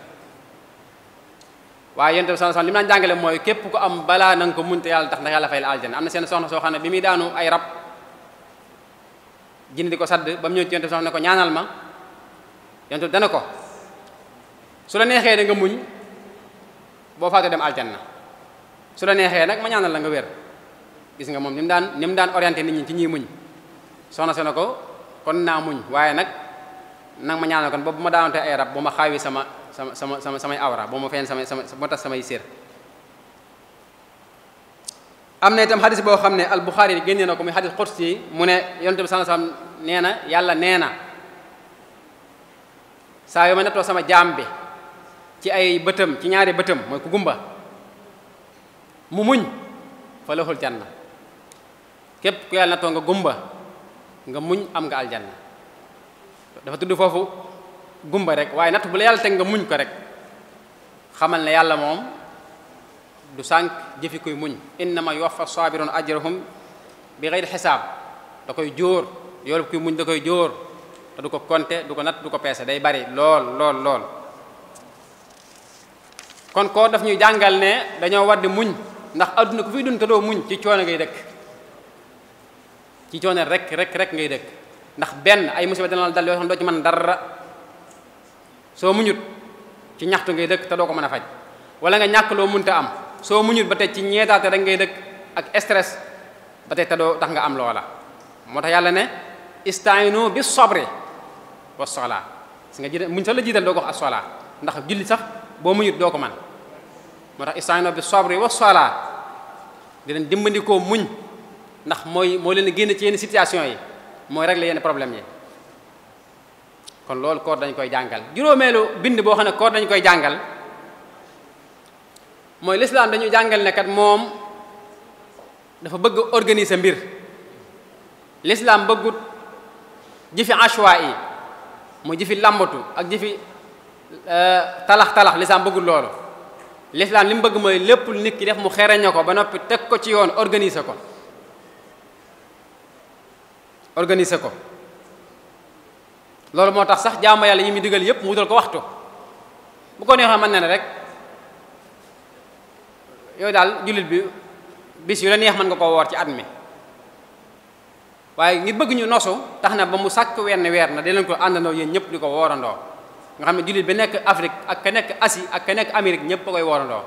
[SPEAKER 2] wa yentou sallallahu alaihi wasallam lim mu daan ku am bala nang ko muñ te yalla tax ndax yalla fayal aljana amna sen soxna so xana bi mi daanu ay rab jinn di ko sadd bam ñew ci yentou soxna ko ñaanal ma yentou dana ko su la nexé da nga muñ bo faatee dem aljana su la nexé nak ma ñaanal la nga wër gis nga moom ni mu daan ni mu daan nit ñi ci ñuy muñ soxna si ne ko kon naa muñ waaye nag nag ma ñaan ñaanal kon boobu ma daanante ay rab bu ma xaawi sama sama sama sama samay awra bu ma feeñ samay sama bu ma samay sér am na itam boo xam ne albuxaari génnee na ko muy xadis xudsi yi mu ne yonent bi sallallahu alayhi wasallam nee na yàlla nee na saa yu ma nettoo sama jaam bi ci ay bëtam ci ñaari bëtam mooy ku gumba mu muñ fa laxul janna kep ku yalla to nga gumba nga muñ am nga aljanna dafa tuddu fofu gumba rek waye natou bu la yalla teg nga muñ ko rek xamal ne yalla mom du sank jëfi koy muñ innama yuwaffa sabirun ajrahum bi ghayri hisab. da koy jor yoolu kuy muñ da koy jor da du ko konte du ko natt du ko pesé day bari lol. lol lol kon ko daf ñuy jangal ne dañoo wadd muñ ndax aduna ku fi dun te do muñ ci coono ngay ci rek rek rek ngay dekk ndax ben ay musiba dina la dal yo xam do ci man dara so muñut ci ñaxtu ngay dekk ta do ko mëna a faj wala nga ñak lo am so muñut ba tay ci ñeetaate rek ngay dekk ak stress ba tay ta do tax nga am loola moo tax yàlla ne istainu bi sobri wa sola si nga jiital muñ sa la jiital do ko wax sola ndax julli sax bo muñut do ko man moo istainu bi sobri wa sola dinañ dimbandiko muñ ndax moy mo leen génn ci yenn situation yi moy régler yenn problème yi kon lol koor dañ koy jangal juróomeelu bind bo xam ne koor dañ koy jangal moy l'islam dañu jangal ne kat mom, dafa bëgg organiser mbir l'islam bëggut jifi ashwa'i yi jifi lambatu ak jifi euh talakh talakh l'islam bëggul loolu l'islam lim bëgg moy lepp nit ki def mu xereñe ba nopi tek ko ci yoon organiser ko organiser ko lolou motax sax jaama yalla yi muy digal yep mu dal ko waxtu bu ko neexee man na rek yooyu dal julit bi bis yu la neex man nga ko wor ci at waye nit ngir bëgg ñu noso taxna ba mu sakk wenn weer na dinañ ko andano yeen ñep di worando nga xam julit bi nek Afrique ak ka nek Asie ak ka nek amerique ñep a worando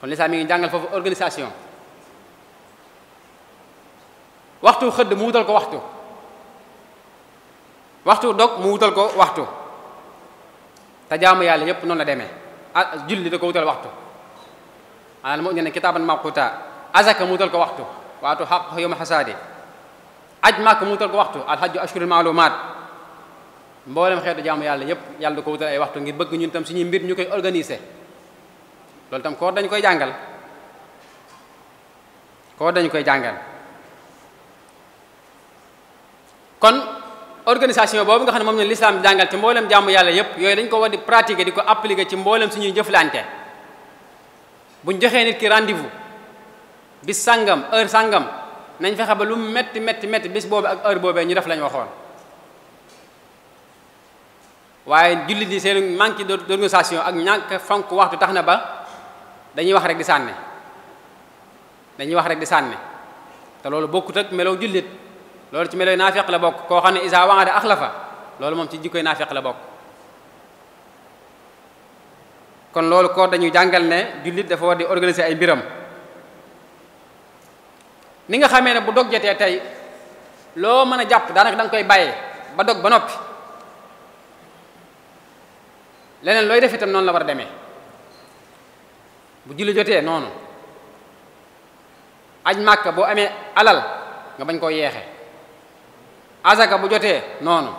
[SPEAKER 2] kon lissa mi ngi jangal fofu organisation waxtu xëdd mu wutal ko waxtu waxtu dog mu wutal ko waxtu te jaamu yàlla yépp noonu la demee ah julli da ko wutal waxtu alal mu'miniina kitaaban mawquuta azaka mu wutal ko waxtu waatu xaq yowma xasaadi aj màkk mu wutal ko waxtu alxajju ashhurul maalumaat mboolem xeetu jaamu yàlla yépp yàlla da ko wutal ay waxtu ngir bëgg ñun tam suñuy mbir ñu koy organiser loolu tam koor dañ koy jàngal koor dañ koy jàngal kon organisation bobu nga xamne mom moom ne lislaam ci mboolem jàmm yalla yep yoy dañ ko wadi pratiquer diko appliquer ci mboolem suñu jëflanté buñ joxé nit ki rendez-vous bis sangam heure sangam nañ fexé ba lu metti metti metti bis bobu ak heure bobé ñu def lañ waxoon waaye jullit ñi seen manki d'organisation ak ñank fank waxtu taxna ba dañuy wax rek di sanni dañuy wax rek di sanni té lolu bokkut ak melaw julit loolu ci meloy naafeq la bokk koo xam ne isa waada axlafa loolu moom ci jikkoy naafeq la bokk kon loolu ko dañuy jàngal ne jullit dafa war di organiser ay mbiram ni nga xamee ne bu dog jotee tey loo mën a jàpp daanaka danga koy bàyyee ba dog ba noppi leneen looy def itam noonu la war a demee bu julli jotee noonu aj màkka boo amee alal nga bañ koo yeexe asaka bu jotee noonu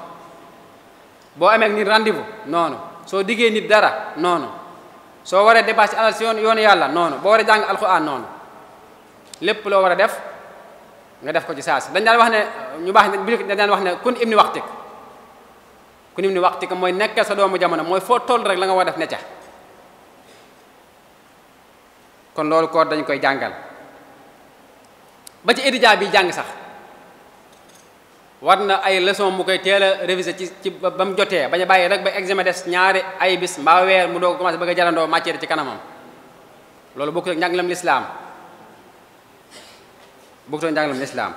[SPEAKER 2] boo amee ak nit rendez noonu soo diggee nit dara noonu soo waree dépassé alal si yoon yoonu yàlla noonu boo a jàng alxuraan noonu lépp loo war a def nga def ko ci saa si dañ daan wax ne ñu baax bu dañ daan wax ne kun ibni waxtik kun ibni waxtik mooy nekkal sa doomu jamono mooy foo toll rek la nga war def ne ca kon loolu koor dañ koy jàngal ba ci étudiant bi jàng sax war na ay leçon mu koy teel a réviser ci ci ba mu jotee bañ a bàyyi rek ba examen des ñaari ay bis mbaa weer mu doog commencé bëgg a jarandoo matière ci kanamam loolu bokkut ak njàngalam lislaam bokkut ak njàngalam lislaam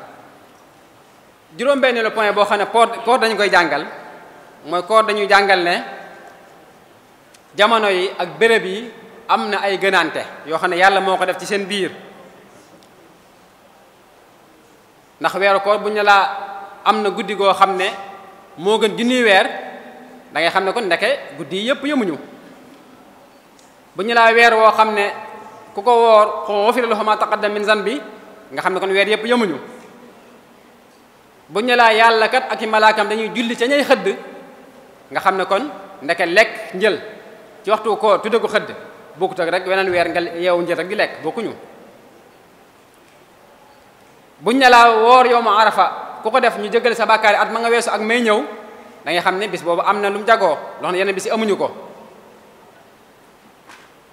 [SPEAKER 2] juróom-benneelu point boo xam ne koor koor dañu koy jàngal mooy koor dañuy jàngal ne jamono yi ak béréb yi am na ay gënaante yoo xam ne yàlla moo ko def ci seen biir ndax weeru koor buñ ne laa am na guddi go xam ne moo gën junniy da ngay xamne kon ndeke guddi yëpp yëmuñu bu ñu laa weer woo xam ne ku ko woor xufira lahu ma taqaddam min zanbi nga xamne kon weer yëpp yëmuñu bu ñu laa akimala kat ak juli malaakam dañuy julli ci ñay xëdd nga xamne kon ndeke lek ñël ci waxtu ko tudde ko xëdd bokkut ak rek wenen weer nga yeewu njël rek di lekk bokkuñu buñ la wor arafa ku ko def ñu jëgale sa bàkkaari at ma nga weesu ak may ñëw da xam ne bis boobu am na lu mu jagoo loo xam ne yenn bis yi amuñu ko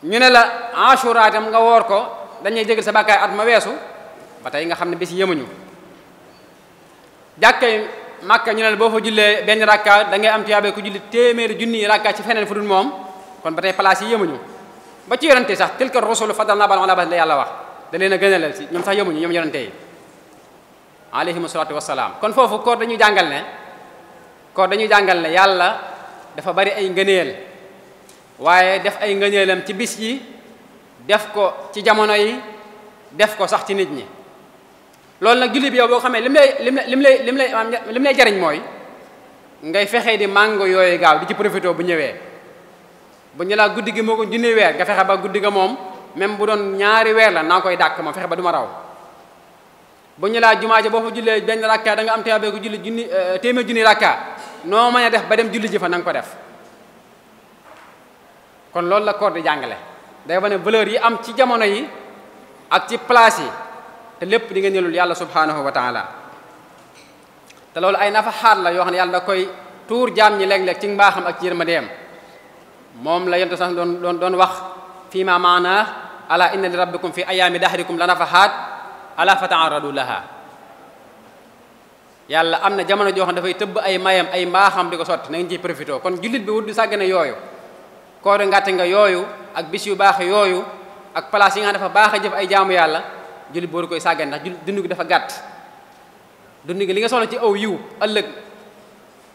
[SPEAKER 2] ñu ne la Ashura itam nga woor ko dañuy jëgal sa bàkkaari at ma weesu tey nga xam ne bis yemuñu jàkkay Màkka ñu ne la boo fa jullee benn rakka da ngay am tiyaabee ku julli téeméeri junni rakka ci feneen fu dul moom kon ba tey place yi yemuñu ba ci yonante sax tilka rusulu fadalnaa ba'dahum alaa ba'din la yàlla wax da leen a ñoom sax yemuñu ñoom yonante alayhi wassalatu wassalam kon fofu ko dañu jangal ne ko dañu jangal ne yalla dafa bari ay ngeeneel waye def ay ngeeneelam ci bis yi def ko ci jamono yi def ko sax ci nit ñi loolu nak Limle yow bo xamé lim lay lim lay lim lay lim lay jariñ moy ngay fexé di mango yoy gaaw di ci profito bu ñëwee bu ñu guddigi moko jinné moo nga fexé ba guddiga mom même bu doon ñaari la naa koy ma ba duma raw bu ñu laa jumaa ja boo fa jullee benn rakka da nga am tiyabe ko julli jinni téme jinni rakka no ma def ba dem julli jifa nang ko def kon loolu la koor di jàngale day wone valeur yi am ci jamono yi ak ci place yi te lépp di nga nelul yàlla subhanahu wa taala te loolu ay nafa nafaxaat la yo xam yàlla da koy tour jam ni leg leg ci mbaaxam ak ci yërmandeem mom la yonent sax don don wax fi ma maanaa ala inna li rabbikum fi ayami dahrikum lanafahat ala fata'aradu laha yalla amna jamono jo xam fay teub ay mayam ay mbaaxam di ko na ngeen ci profito kon julit bi wudd yoyu Yoyo. koori ngàtte nga yoyu ak bis yu Yoyo, yoyu ak place yi nga dafa baax a jëf ay jaamu yalla julit bor koy sàggane ndax dundu gi dafa gàtt dundu gi li nga solo ci aw yu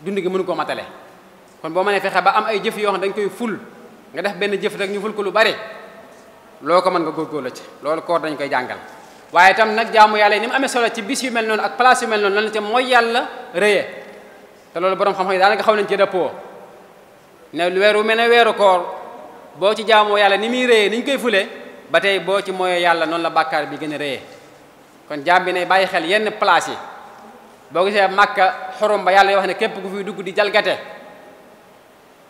[SPEAKER 2] dundu gi mënu ko matale kon bo mané fexé ba am ay jëf yo xam dañ koy ful nga def ben jëf rek ñu ful ko lu bari loo ko nga góorgóorlu ci loolu dañ koy jangal waaye tam nag jaamu yàlla yi ni mu amee solo ci bis yu mel noonu ak place yu mel noonu lan la ca mooy yàlla rëye te loolu borom xam-xam yi daanaka xaw nañ ci dëppoo ne weeru mel ne weeru koor boo ci jaamoo yàlla ni muy rëyee ni koy fule ba tey boo ci mooyee yàlla noonu la bàkkaar bi gën a rëyee kon jaam bi ne bàyyi xel yenn place yi boo gisee màkka xorom ba yàlla wax ne képp ku fi dugg di jalgate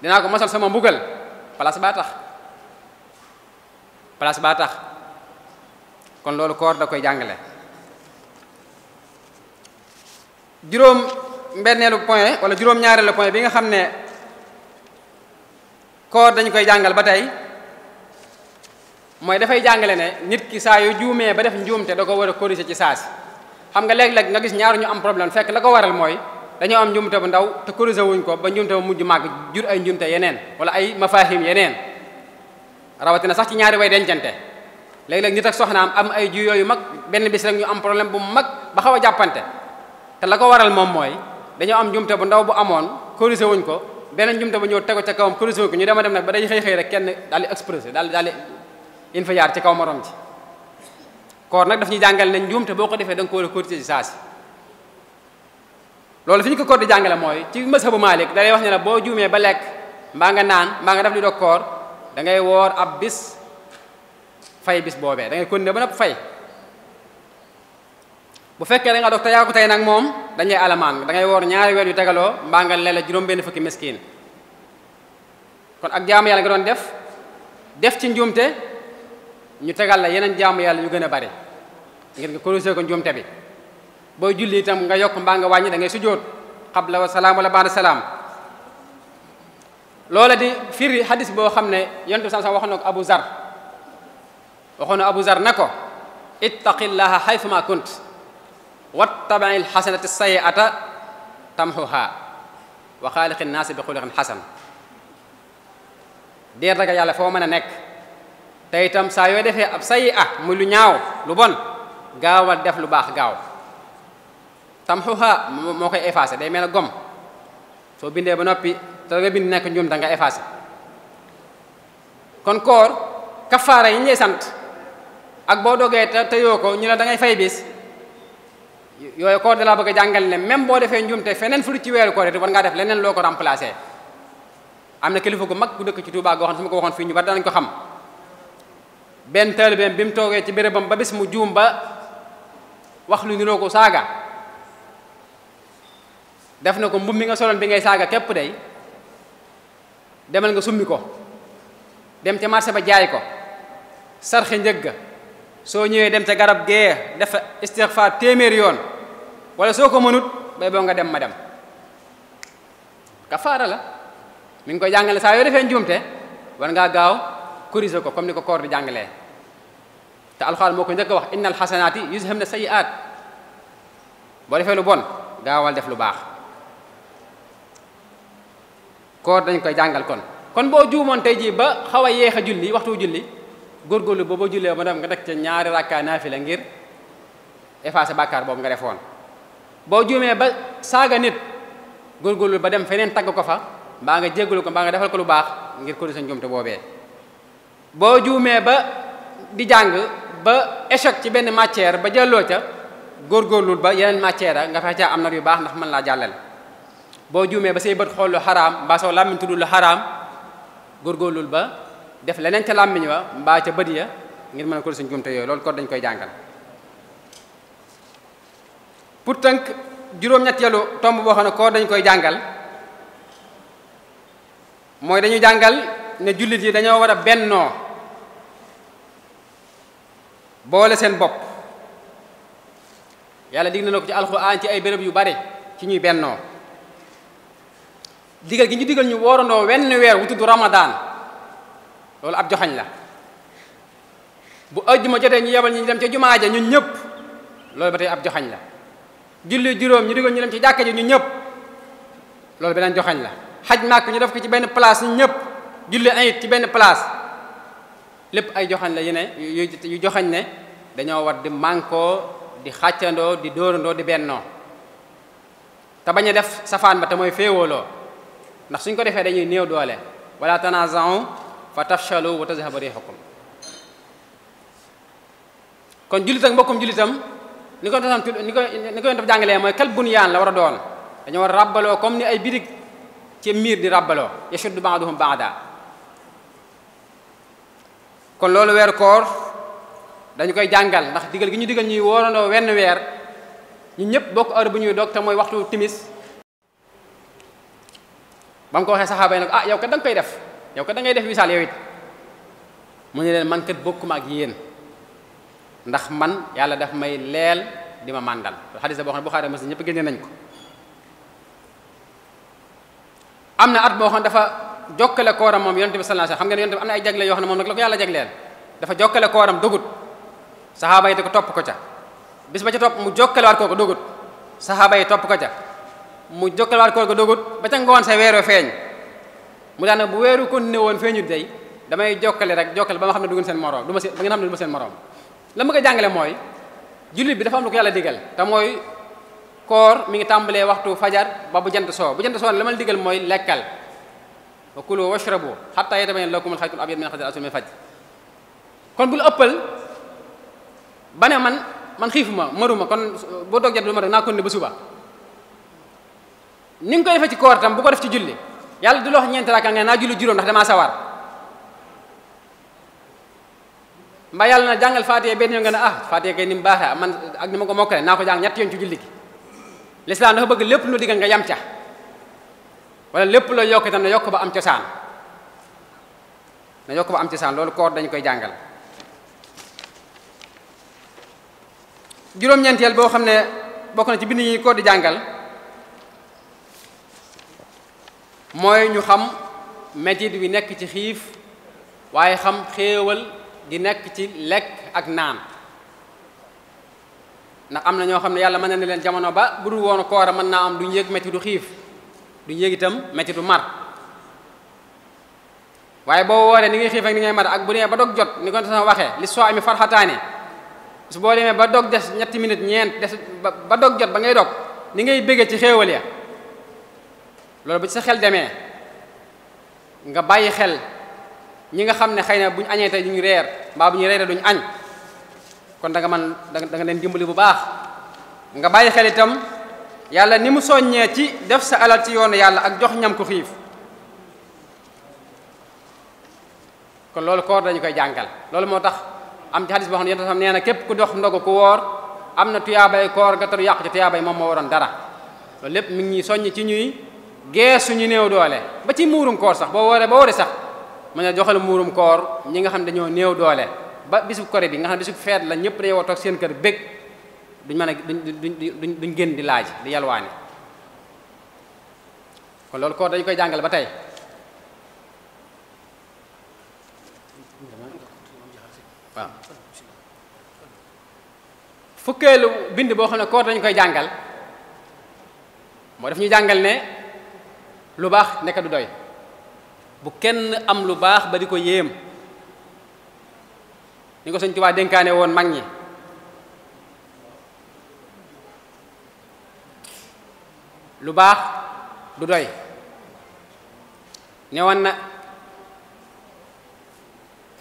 [SPEAKER 2] dinaa ko mosal sama mbugal place baa tax place kon loolu koor da koy jàngale juróom mbenneelu point wala juróom ñaareelu point bi nga xam ne koor dañu koy jàngal ba tey mooy dafay jàngale ne nit ki saa yu juumee ba def njuumte da ko war a corriger ci saasi xam nga léeg-léeg nga gis ñaaru ñu am problème fekk la ko waral mooy dañoo am njuumte bu ndaw te corriger wuñ ko ba njuumte ba mujj màgg jur ay njuumte yeneen wala ay mafahim yeneen rawatina sax ci ñaari way dencante léegi léeg nit ak soxnaam am ay juyoo yu mag benn bis rek ñu am problème bu mag ba xaw a jàppante te la ko waral moom mooy dañoo am njumte bu ndaw bu amoon corrigé wuñ ko beneen njumte bu ñëw tegu ca kawam corrigé wuñ ñu dema dem nag ba day xëy xëy rek kenn daal di expressé daal daal di infayaar ci kaw morom ji koor nag daf ñuy jàngale ne njumte boo ko defee da nga ko war a corrigé saa si loolu fi ñu ko koor di jàngale mooy ci mazhabu Maalik da lay wax ne la boo juumee ba lekk mbaa nga naan mbaa nga def li doog koor da ngay woor ab bis fay bis boobee da kon continuer ba nag fay bu fekkee da nga dox ko tey nag moom dañuy alamaan da ngay woor ñaari weer yu tegaloo mbaa nga leela juróom-benn fukki miskin kon ak jaamu yàlla nga doon def def ci njuumte ñu tegal la yeneen jaamu yàlla yu gën a bari ngir nga corriger ko njuumte bi boo julli itam nga yokk mbaa nga wàññi da ngay sujjóot xabla wa salaam wala baada salaam loola di firi hadis boo xam ne yonent bi sallallahu alayhi ko Abu Zar وخونا أبو زر نكو اتق الله حيثما كنت واتبع الحسنة السيئة تمحوها وخالق الناس بخلق حسن دير داك يالا فو مانا نيك تاي تام سا يو ديفي اب سيئة مولو نياو لو بون غاوال ديف لو باخ غاو تمحوها موكاي افاسي داي ميل غوم سو بيندي با نوبي تاغا بين نيك نيوم داغا افاسي كون كور كفاره يي ني سانت ak boo dogee te teyoo ko ñu ne da ngay fay bis yooyu koor da bëgg a jàngal ne même boo defee njuumte feneen fu ci weeru koor it war ngaa def leneen loo ko remplacer am na kilifa gu mag ku dëkk ci Touba goo ko waxoon fii ñu bari danañ ko xam benn bi mu toogee ci bérébam ba bis mu juum ba wax lu niroo ko saaga def na ko mbubb mi nga soloon bi ngay saaga képp day demal nga summi ko dem ca marché ba jaay ko sarxe njëg ga soo ñëwee dem ca garab gee def istixfaar téeméer yoon wala soo ko mënut bay boo nga dem ma dem kafaara la mu ngi koy jàngale saa yoo defee njuumte war ngaa gaaw corriger ko comme ni ko koor di jàngalee te alxuraan moo ko njëkk wax a wax innal xasanaati yuzhibna sayyi'aat boo defee lu bon gaawal def lu baax koor dañ koy jàngal kon kon boo juumoon tey jii ba xaw a yéex a julli waxtu julli góorgóorlu booba jullee ba dem nga teg ca ñaari rakkaa la ngir effacé bàkkaar boobu nga defoon boo juumee ba saaga nit góorgóorlu ba dem feneen tagg ko fa mbaa nga jéggalu ko mbaa nga defal ko lu baax ngir ko di sa njuumte boobee boo juumee ba di jàng ba échec ci benn matière ba jàlloo ca góor góorgóorlu ba yeneen matière a nga fexe ca am na yu baax ndax mën laa jàllal boo juumee ba say bët xool lu xaraam mbaa soo làmmiñ tudd lu ba def leneen ca làmmiñ wa mbaa ca bët ya ngir mën a ko suñ jumte yooyu loolu kon dañ koy jàngal pour tënk juróom-ñetteelu tomb boo xam ne koor dañ koy jàngal mooy dañu jàngal ne jullit yi dañoo war a bennoo boole seen bopp yàlla dig na ko ci alxuraan ci ay bërëb yu bare ci ñuy bennoo digal gi ñu digal ñu woorandoo wenn weer wu tudd ramadaan loolu ab joxañ la bu ajjuma jotee ñu yebal ñu dem ca jumaa ja ñun ñëpp loolu ba tey ab joxañ la julli juróom ñu digoon ñu dem ci jàkka ji ñun ñëpp loolu beneen joxañ la xaj màkk ñu def ko ci benn place ñun ñëpp julli ayit ci benn place lépp ay joxañ la yu ne yu joxañ ne dañoo war di mànkoo di xàccandoo di dóorandoo di bennoo te bañ a def safaan ba te mooy féewooloo ndax suñ ko defee dañuy néew doole wala tanaza'u fa tafshalu wa tazhaba rihukum kon jullit ak mbokkum jullitam ni ko doon ni ko ni ko doon jàngalee mooy kal bunyaan la war a doon dañoo war a ràbbaloo comme ni ay birig ci miir di ràbbaloo yashuddu ba'duhum ba'da kon loolu weeru koor dañu koy jàngal ndax digal gi ñu digal ñuy woorandoo wenn weer ñu ñëpp bokk heure bu ñuy dog te mooy waxtu timis ba mu ko waxee saxaaba yi nag ah yow kat da nga koy def yow ko da ngay def misaal yow it mu ne len man kat bokkuma ak yeen ndax man yalla daf may leel dima mandal hadith bo xamne bukhari ne Buxaari Muslim ñëpp génne nañ ko amna at bo xamne dafa jokkale kooram mom yonente bi sallallahu alayhi wasallam xam nga yonente bi ay jagle yo xamne mom nak nag la ko yàlla jagleel dafa jokkale kooram dogut sahaba yi di ko top ko ca bis ba ca top mu jokkale waat kooku dogut sahaba yi top ko ca mu jokkale waat kooku dogut ba ca ngon sa weeroo feñ mu daana bu weeru continué woon fee ñu day damay jokkale rek jokkale ba ma xam ne du seen moroom du ma seen ba ngeen xam ne du seen moroom la ma ko jàngale mooy jullit bi dafa am yàlla digal te mooy koor mi ngi tàmbalee waxtu fajar ba jant soo bu jant soo la ma digal mooy lekkal wa kulu washrabu xatta yatabayyana lakumul xaytul abyadu minal xayril aswadi kon bul ëppal ba ne man man xiifuma maruma kon boo doog jant ma def naa kon ba suba ni nga koy defee ci koor tam bu ko def ci julli yàlla du la wax ñeenti raaka nga naa julli juróom ndax damaa sawar mbaa yàlla na jàngal faatiha benn yoon nga ne ah faatiha kay ni mu baaxee man ak ni ma ko mokkale naa ko jàng ñetti yoon ci julli gi lislaam dafa bëgg lépp lu diggal nga yam ca wala lépp la yokk itam na yokk ba am cosaan na yokk ba am cosaan loolu koor dañu koy jàngal juróom-ñeenteel boo xam ne bokk na ci bind yi koor di jàngal moy ñu xam metit wi nek ci xif waye xam xewal gi nek ci lek ak naan na am na ñoo xam ne yàlla man na ne leen jamono ba bu dul woon koora man na am duñ yëg metitu xif du yëg itam metitu mar waye bo wooree ni ngay xif ak ni ngay mar ak bu ne ba dog jot ni ko tan waxe li so ami farhatani su bo demee ba dog dess ñetti minute ñent dess ba dog jot ba ngay dog ni ngay bégé ci xewal ya loolu bu ci sa xel demee nga bayyi xel ñi nga xamné xeyna buñ na tay ñu añee tey ñu reer mbaa bu ñu añ kon da nga man da nga leen dimbali bu baax nga bayyi xel itam yalla ni mu soññee ci def sa alal ci yoonu yalla ak jox ñam ko xif kon loolu koor dañ koy jangal loolu motax am ci hadith bo xamné ne yonent xam képp ku dox ndogo ku wor am na koor nga taru yàq ci tuyaabay mom mo waron dara loolu mi ngi soñ ci ñuy geesu ñu néew doole ba ci muurum koor sax boo wooree ba wooree sax mën a joxal muurum koor ñi nga xam ne dañoo néew doole ba bisub kore bi nga xam ne bisub feet la ñëpp dañoo toog seen kër bég duñ mën a duñ duñ génn di laaj di yalwaani kon loolu koor dañu koy jàngale ba tey waaw fukkeelu bind boo xam ne koor dañu koy jàngal moo def ñu jàngal ne lu baax nekk du doy bu kenn am lu baax ba di ko yéem ni ko Sëñ Tuubaa dénkaane woon mag ñi lu baax du doy ne woon na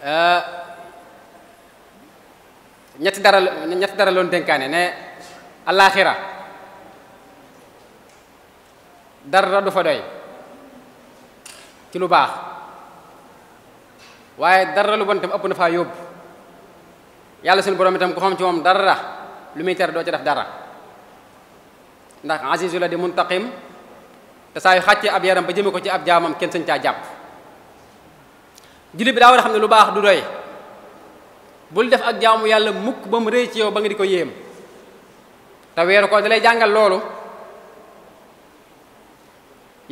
[SPEAKER 2] euh, ñetti dara ñetti dara loon dénkaane ne alaaxira dara du fa doy ci lu baax waaye dara lu bon ëpp na faa yóbbu yàlla suñu borom itam ko xam ci moom dara lu muy ter doo ci def dara ndax azizu la di muntaqim te saa yu xàccee ab yaram ba jëme ko ci ab jaamam kenn sañ caa jàpp jullit bi daa war a xam ne lu baax du doy bul def ak jaamu yàlla mukk ba mu rëy ci yow ba nga di ko yéem te weeru ko da lay jàngal loolu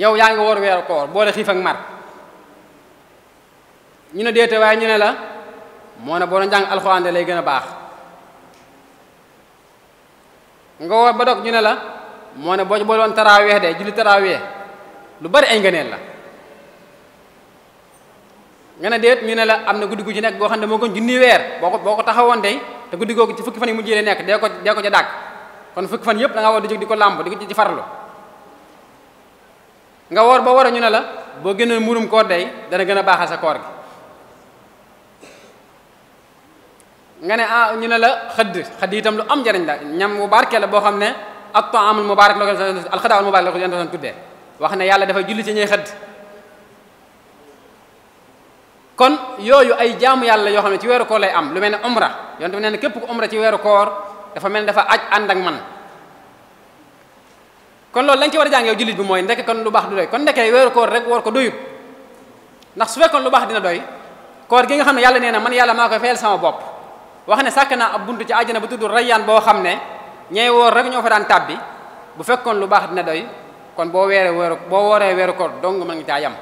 [SPEAKER 2] yow yaa wor woor weeru koor boole xiif ak mar ñu ne déete waaye ñu ne la moo ne boo doon jàng alxuraan de lay gën a baax nga wor ba dog ñu ne la moo ne boo boo doon taraaweex de julli taraaweex lu bari ay ngëneel la nga ne déet ñu ne la am na guddi gu ci nekk goo xam ne moo gën junni weer boo ko boo ko taxawoon de te guddi googu ci fukki fan yi mujjee nekk dee ko dee ko ca dàq kon fukki fan yëpp da nga war di jóg di ko lamb di ko ci farlu nga woor ba war a ñu ne la boo génnee mburum koor day dana gën a baaxal sa koor gi nga ne ah ñu ne la xëdd xëdd itam lu am jariñ la ñam mu barke la boo xam ne ak taamul mubaarak la ko alxadaa al mubaarak la ko yonent doon tuddee wax ne yàlla dafay julli ci ñuy xëdd kon yooyu ay jaamu yàlla yoo xam ne ci weeru koor lay am lu mel ne umra yonent bi nee na képp ku umra ci weeru koor dafa mel ne dafa aj ànd ak man kon loolu lañ ci war a jàng yow bi mooy ndekk kon lu baax du doy kon ndeke weeru koor rek woor ko doyut ndax su fekkoon lu baax dina doy koor gi nga xam ne yàlla nee na man yàlla maa koy fayal sama bopp wax ne sàkk naa ab bunt ci àjj na bu tudd rayyaan boo xam ne ñey woor rek ñoo fa daan tàbbi bu fekkoon lu baax dina doy kon boo weeree weeru boo wooree weeru koor dong mën nga caa yam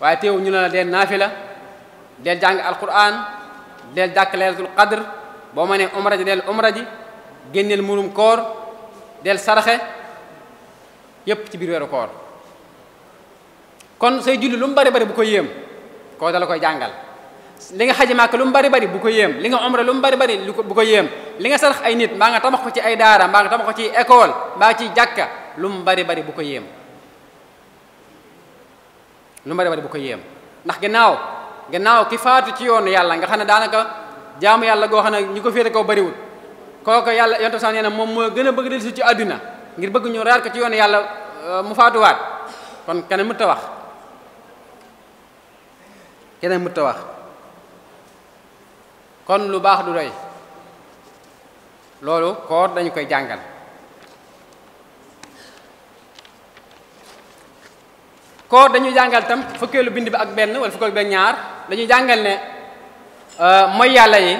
[SPEAKER 2] waaye teew ñu ne la deel naafila deel jàng alquran deel boo mënee umra ji deel umra ji génneel murum koor del saraxe yépp ci biir weeru koor kon say julli lu mu bari bari bu ko yéem koo dala koy jàngal li nga xaji màkk lu mu bari bari bu ko yéem li nga omra lu mu bari bari bu ko yéem li nga sarax ay nit mbaa nga tabax ko ci ay daara mbaa nga tabax ko ci école mbaa ci jàkka lu mu bari bari bu ko yéem lu mu bari bari bu ko yéem ndax ginnaaw ginnaaw ki faatu ci yoonu yàlla nga xam ne daanaka jaamu yàlla goo xam ne ñu ko féete koo bariwul koko yalla yonto sa nee mom mo moo gën a bëgg dellusi ci aduna ngir bëgg ñu raar ko ci yoon yalla euh, mu faatuwaat kon keneen mënta wax keneen mënta wax kon lu baax du doy lolu ko dañ koy jangal ko dañu jangal tam fukkeelu bind bi ak ben wala fukkeelu ben ñaar dañu jangal ne euh, moy yalla yi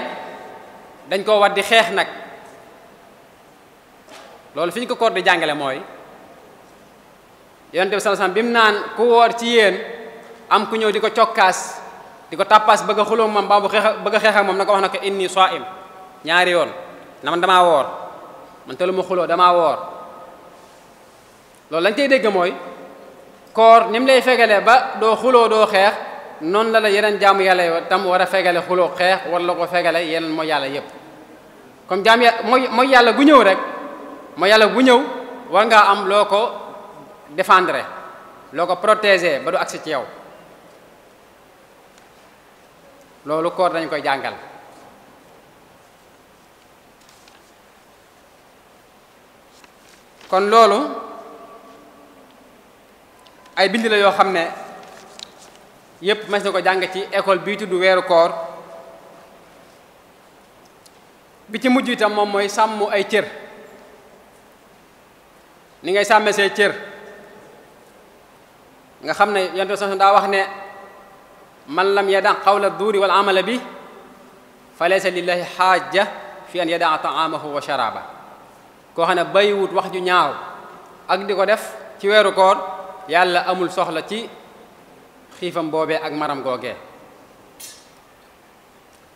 [SPEAKER 2] dañ ko di nak lolou fiñ ko koor di jàngale mooy yonente bi sallallahu alayhi wasallam bi mu naan ku woor ci yéen am ku ñëw di ko cokkaas di ko tàppaas bëgg a xuloo moom ba bu xeex bëgg a xeex ak moom na ko wax na ko inni saim ñaari yoon na man damaa woor man te lu ma xuloo damaa woor loolu lañ tey dégg mooy koor nim lay fegale ba doo xuloo doo xeex non la la yeneen jaamu yàlla yo tam war a fegale xuloo xeex war la ko fegale yeneen mooy yàlla yépp comme jaam ya mooy mooy yàlla gu ñëw rek ma yalla bu ñew war nga am loko ko défendre loko ko protéger ba du agsi ci yow lolu koor dañ koy jangal kon lolu ay bind la yo xamne yépp mas na ko ci école bi tuddu wéru koor bi ci mujj itam moom mooy ay cër ni ngay sàmmee say cër nga xam ne yonent sa daa wax ne man lam yada qawla duuri wal amala bi fa laysa lillahi xaaja fi an yada taamahu wa sharaba koo xam ne bàyyiwut wax ju ñaaw ak di ko def ci weeru koor yàlla amul soxla ci xiifam boobee ak maram googee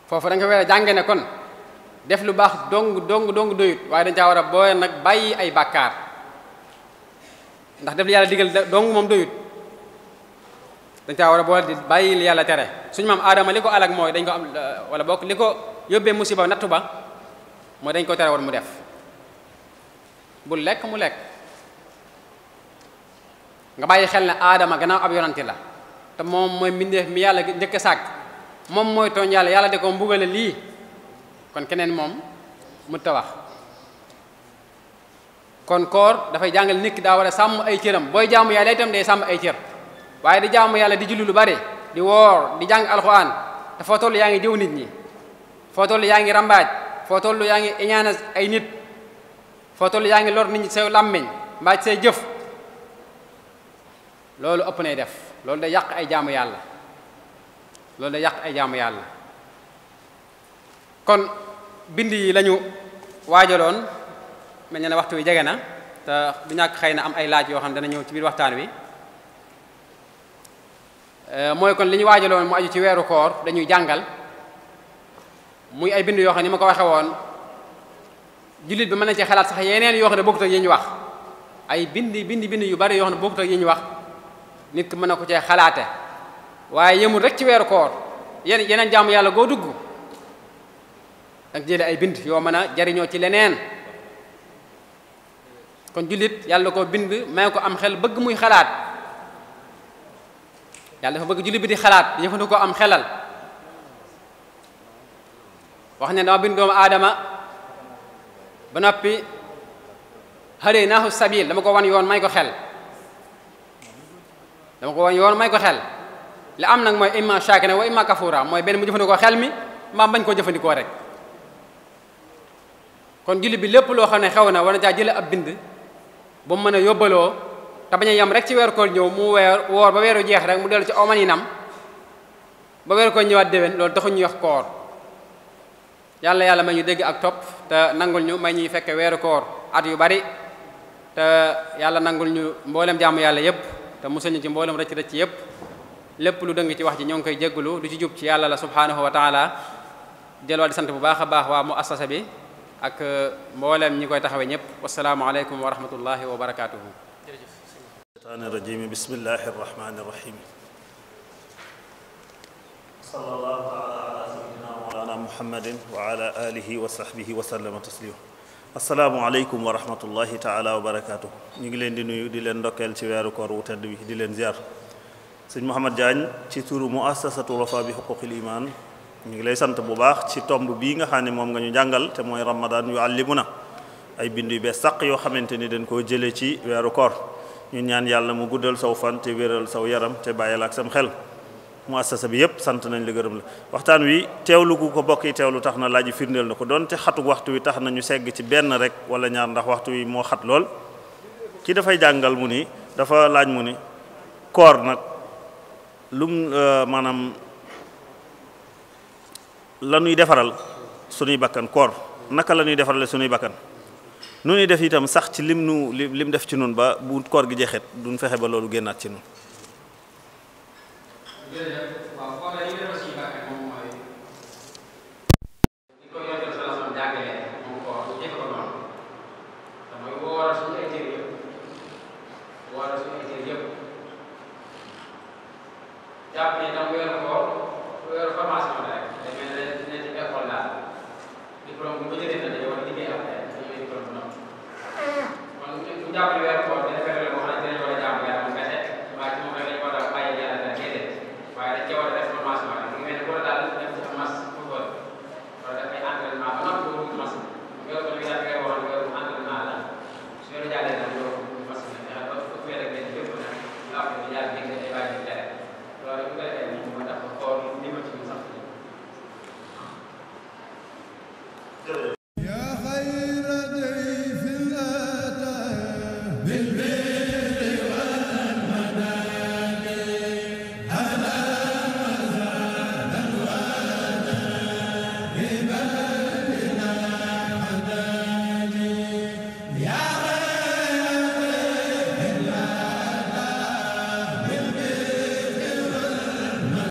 [SPEAKER 2] foofu da nga weer a jànge ne kon def lu baax dong dong dong doyut waaye dañ caa war a booyal nag bàyyi ay bàkkaar ndax def li yàlla digal dong moom doyut dañ caa war a boole bàyyi li yàlla tere suñu maam aadama li ko alag mooy dañ ko am euh, wala bokk li ko yóbbee musiba nattu ba mooy dañ ko tere woon mu def bu lekk mu lekk nga bàyyi xel ne aadama gannaaw ab yonante la te moom mooy mbindeef mi yàlla njëkk a sàkk moom mooy tooñ yàlla yàlla di ko mbugale lii kon keneen moom mu ta wax kon koor dafay jàngal nit ki daa war a sàmm ay cëram booy jaamu yàlla itam day sàmm ay cër waaye di jàmm yàlla di julli lu bare di woor di jàng alxuraan te foo toll yaa ngi jëw nit ñi foo toll yaa ngi rambaaj foo toll yaa ngi iñaana ay nit foo toll yaa ngi lor nit ñi say làmmiñ mbaa sey jëf loolu ëpp nay def loolu day yàq ay jàmm yàlla loolu da yàq ay jàmm yàlla kon bind yi lañu waajaloon mel na ne waxtu wi jege na te du ñàkk xëy na am ay laaj yoo xam ne dana ñëw ci biir waxtaan wi euh, mooy kon li ñu waajaloon mu aju ci weeru koor dañuy jàngal muy ay bind yoo xam ne ni ma ko waxe woon jullit bi mën na ci xalaat sax yeneen yoo xam ne bokkut ak yi ñu wax ay bind bind bind yu bari yoo ne bokkut ak yi ñu wax nit ki mën na ko cee xalaate waaye yëmul rek ci weeru koor yen yeneen jaamu yàlla goo dugg danga jële ay bind yoo mën a jariñoo ci leneen kon julit yàlla ko bind may ko am xel bëgg muy xalaat yàlla dafa bëgg julit bi di xalaat jëfandikoo am xelal wax ne dama bind doomu aadama ba noppi hadaynaahu sabil dama ko wan yoon may ko xel dama ko wan yoon may ko xel li am nak moy imma shakina wa imma kafura moy ben mu jëfandikoo xel mi ma bañ ko jëfandikoo rek kon julit bi lépp lo xamne xewna xew ja war jële ab bind ba mu mën a yóbbaloo te bañ a rek ci weeru koor ñëw mu weer woor ba weeru jeex rek mu dellu ci oman yi nam ba weeru koor ñëwaat déwén loolu taxul ñuy wax koor yàlla yàlla may ñu dégg ak topp te nangul ñu may ñuy fekke weeru koor at yu bari te yàlla nangul ñu mboolem jàmm yàlla yépp te musal ñu ci mboolem rëcc rëcc yépp lépp lu dëng ci wax ji ñoo ngi koy jéggulu lu ci jub ci yàlla la subhanahu wa taala delluwaat di sant bu baax a baax waa mu assasa bi ak mbolam ñi koy taxawé ñep assalamu alaykum wa rahmatullahi wa barakatuh
[SPEAKER 3] الله الرحمن سيدنا محمد وعلى اله وصحبه وسلم السلام عليكم ورحمه الله تعالى وبركاته نيغي لين دي نويو دي لين دوكل سي ويرو زيار سيد محمد جان سي مؤسسه الوفاء بحقوق الايمان ñu ngi lay sant bu baax ci tomb bi nga xam ne moom nga ñu jàngal te mooy ramadan yu àllimuna ay bind yu bees sàq yoo xamante ni dañ koo jëlee ci weeru koor ñu ñaan yàlla mu guddal saw fan te wéral saw yaram te bàyyil ak sam xel mu assasa bi yépp sant nañ la gërëm la waxtaan wi teewlu gu ko bokk yi teewlu tax na laaj firndeel na xatu waxtu wi tax segg ci benn rek wala ñaar ndax waxtu wi moo xat lool ki dafay jàngal mu ni dafa laaj mu ni koor nag lum euh, maanaam lanuy defaral suñuy bakkan koor naka la ñuy defarale suñuy bakkan nu ñuy def itam sax ci lim nu lim def ci nun ba bu koor gi jeexet duñ fexe ba loolu génnaat ci nun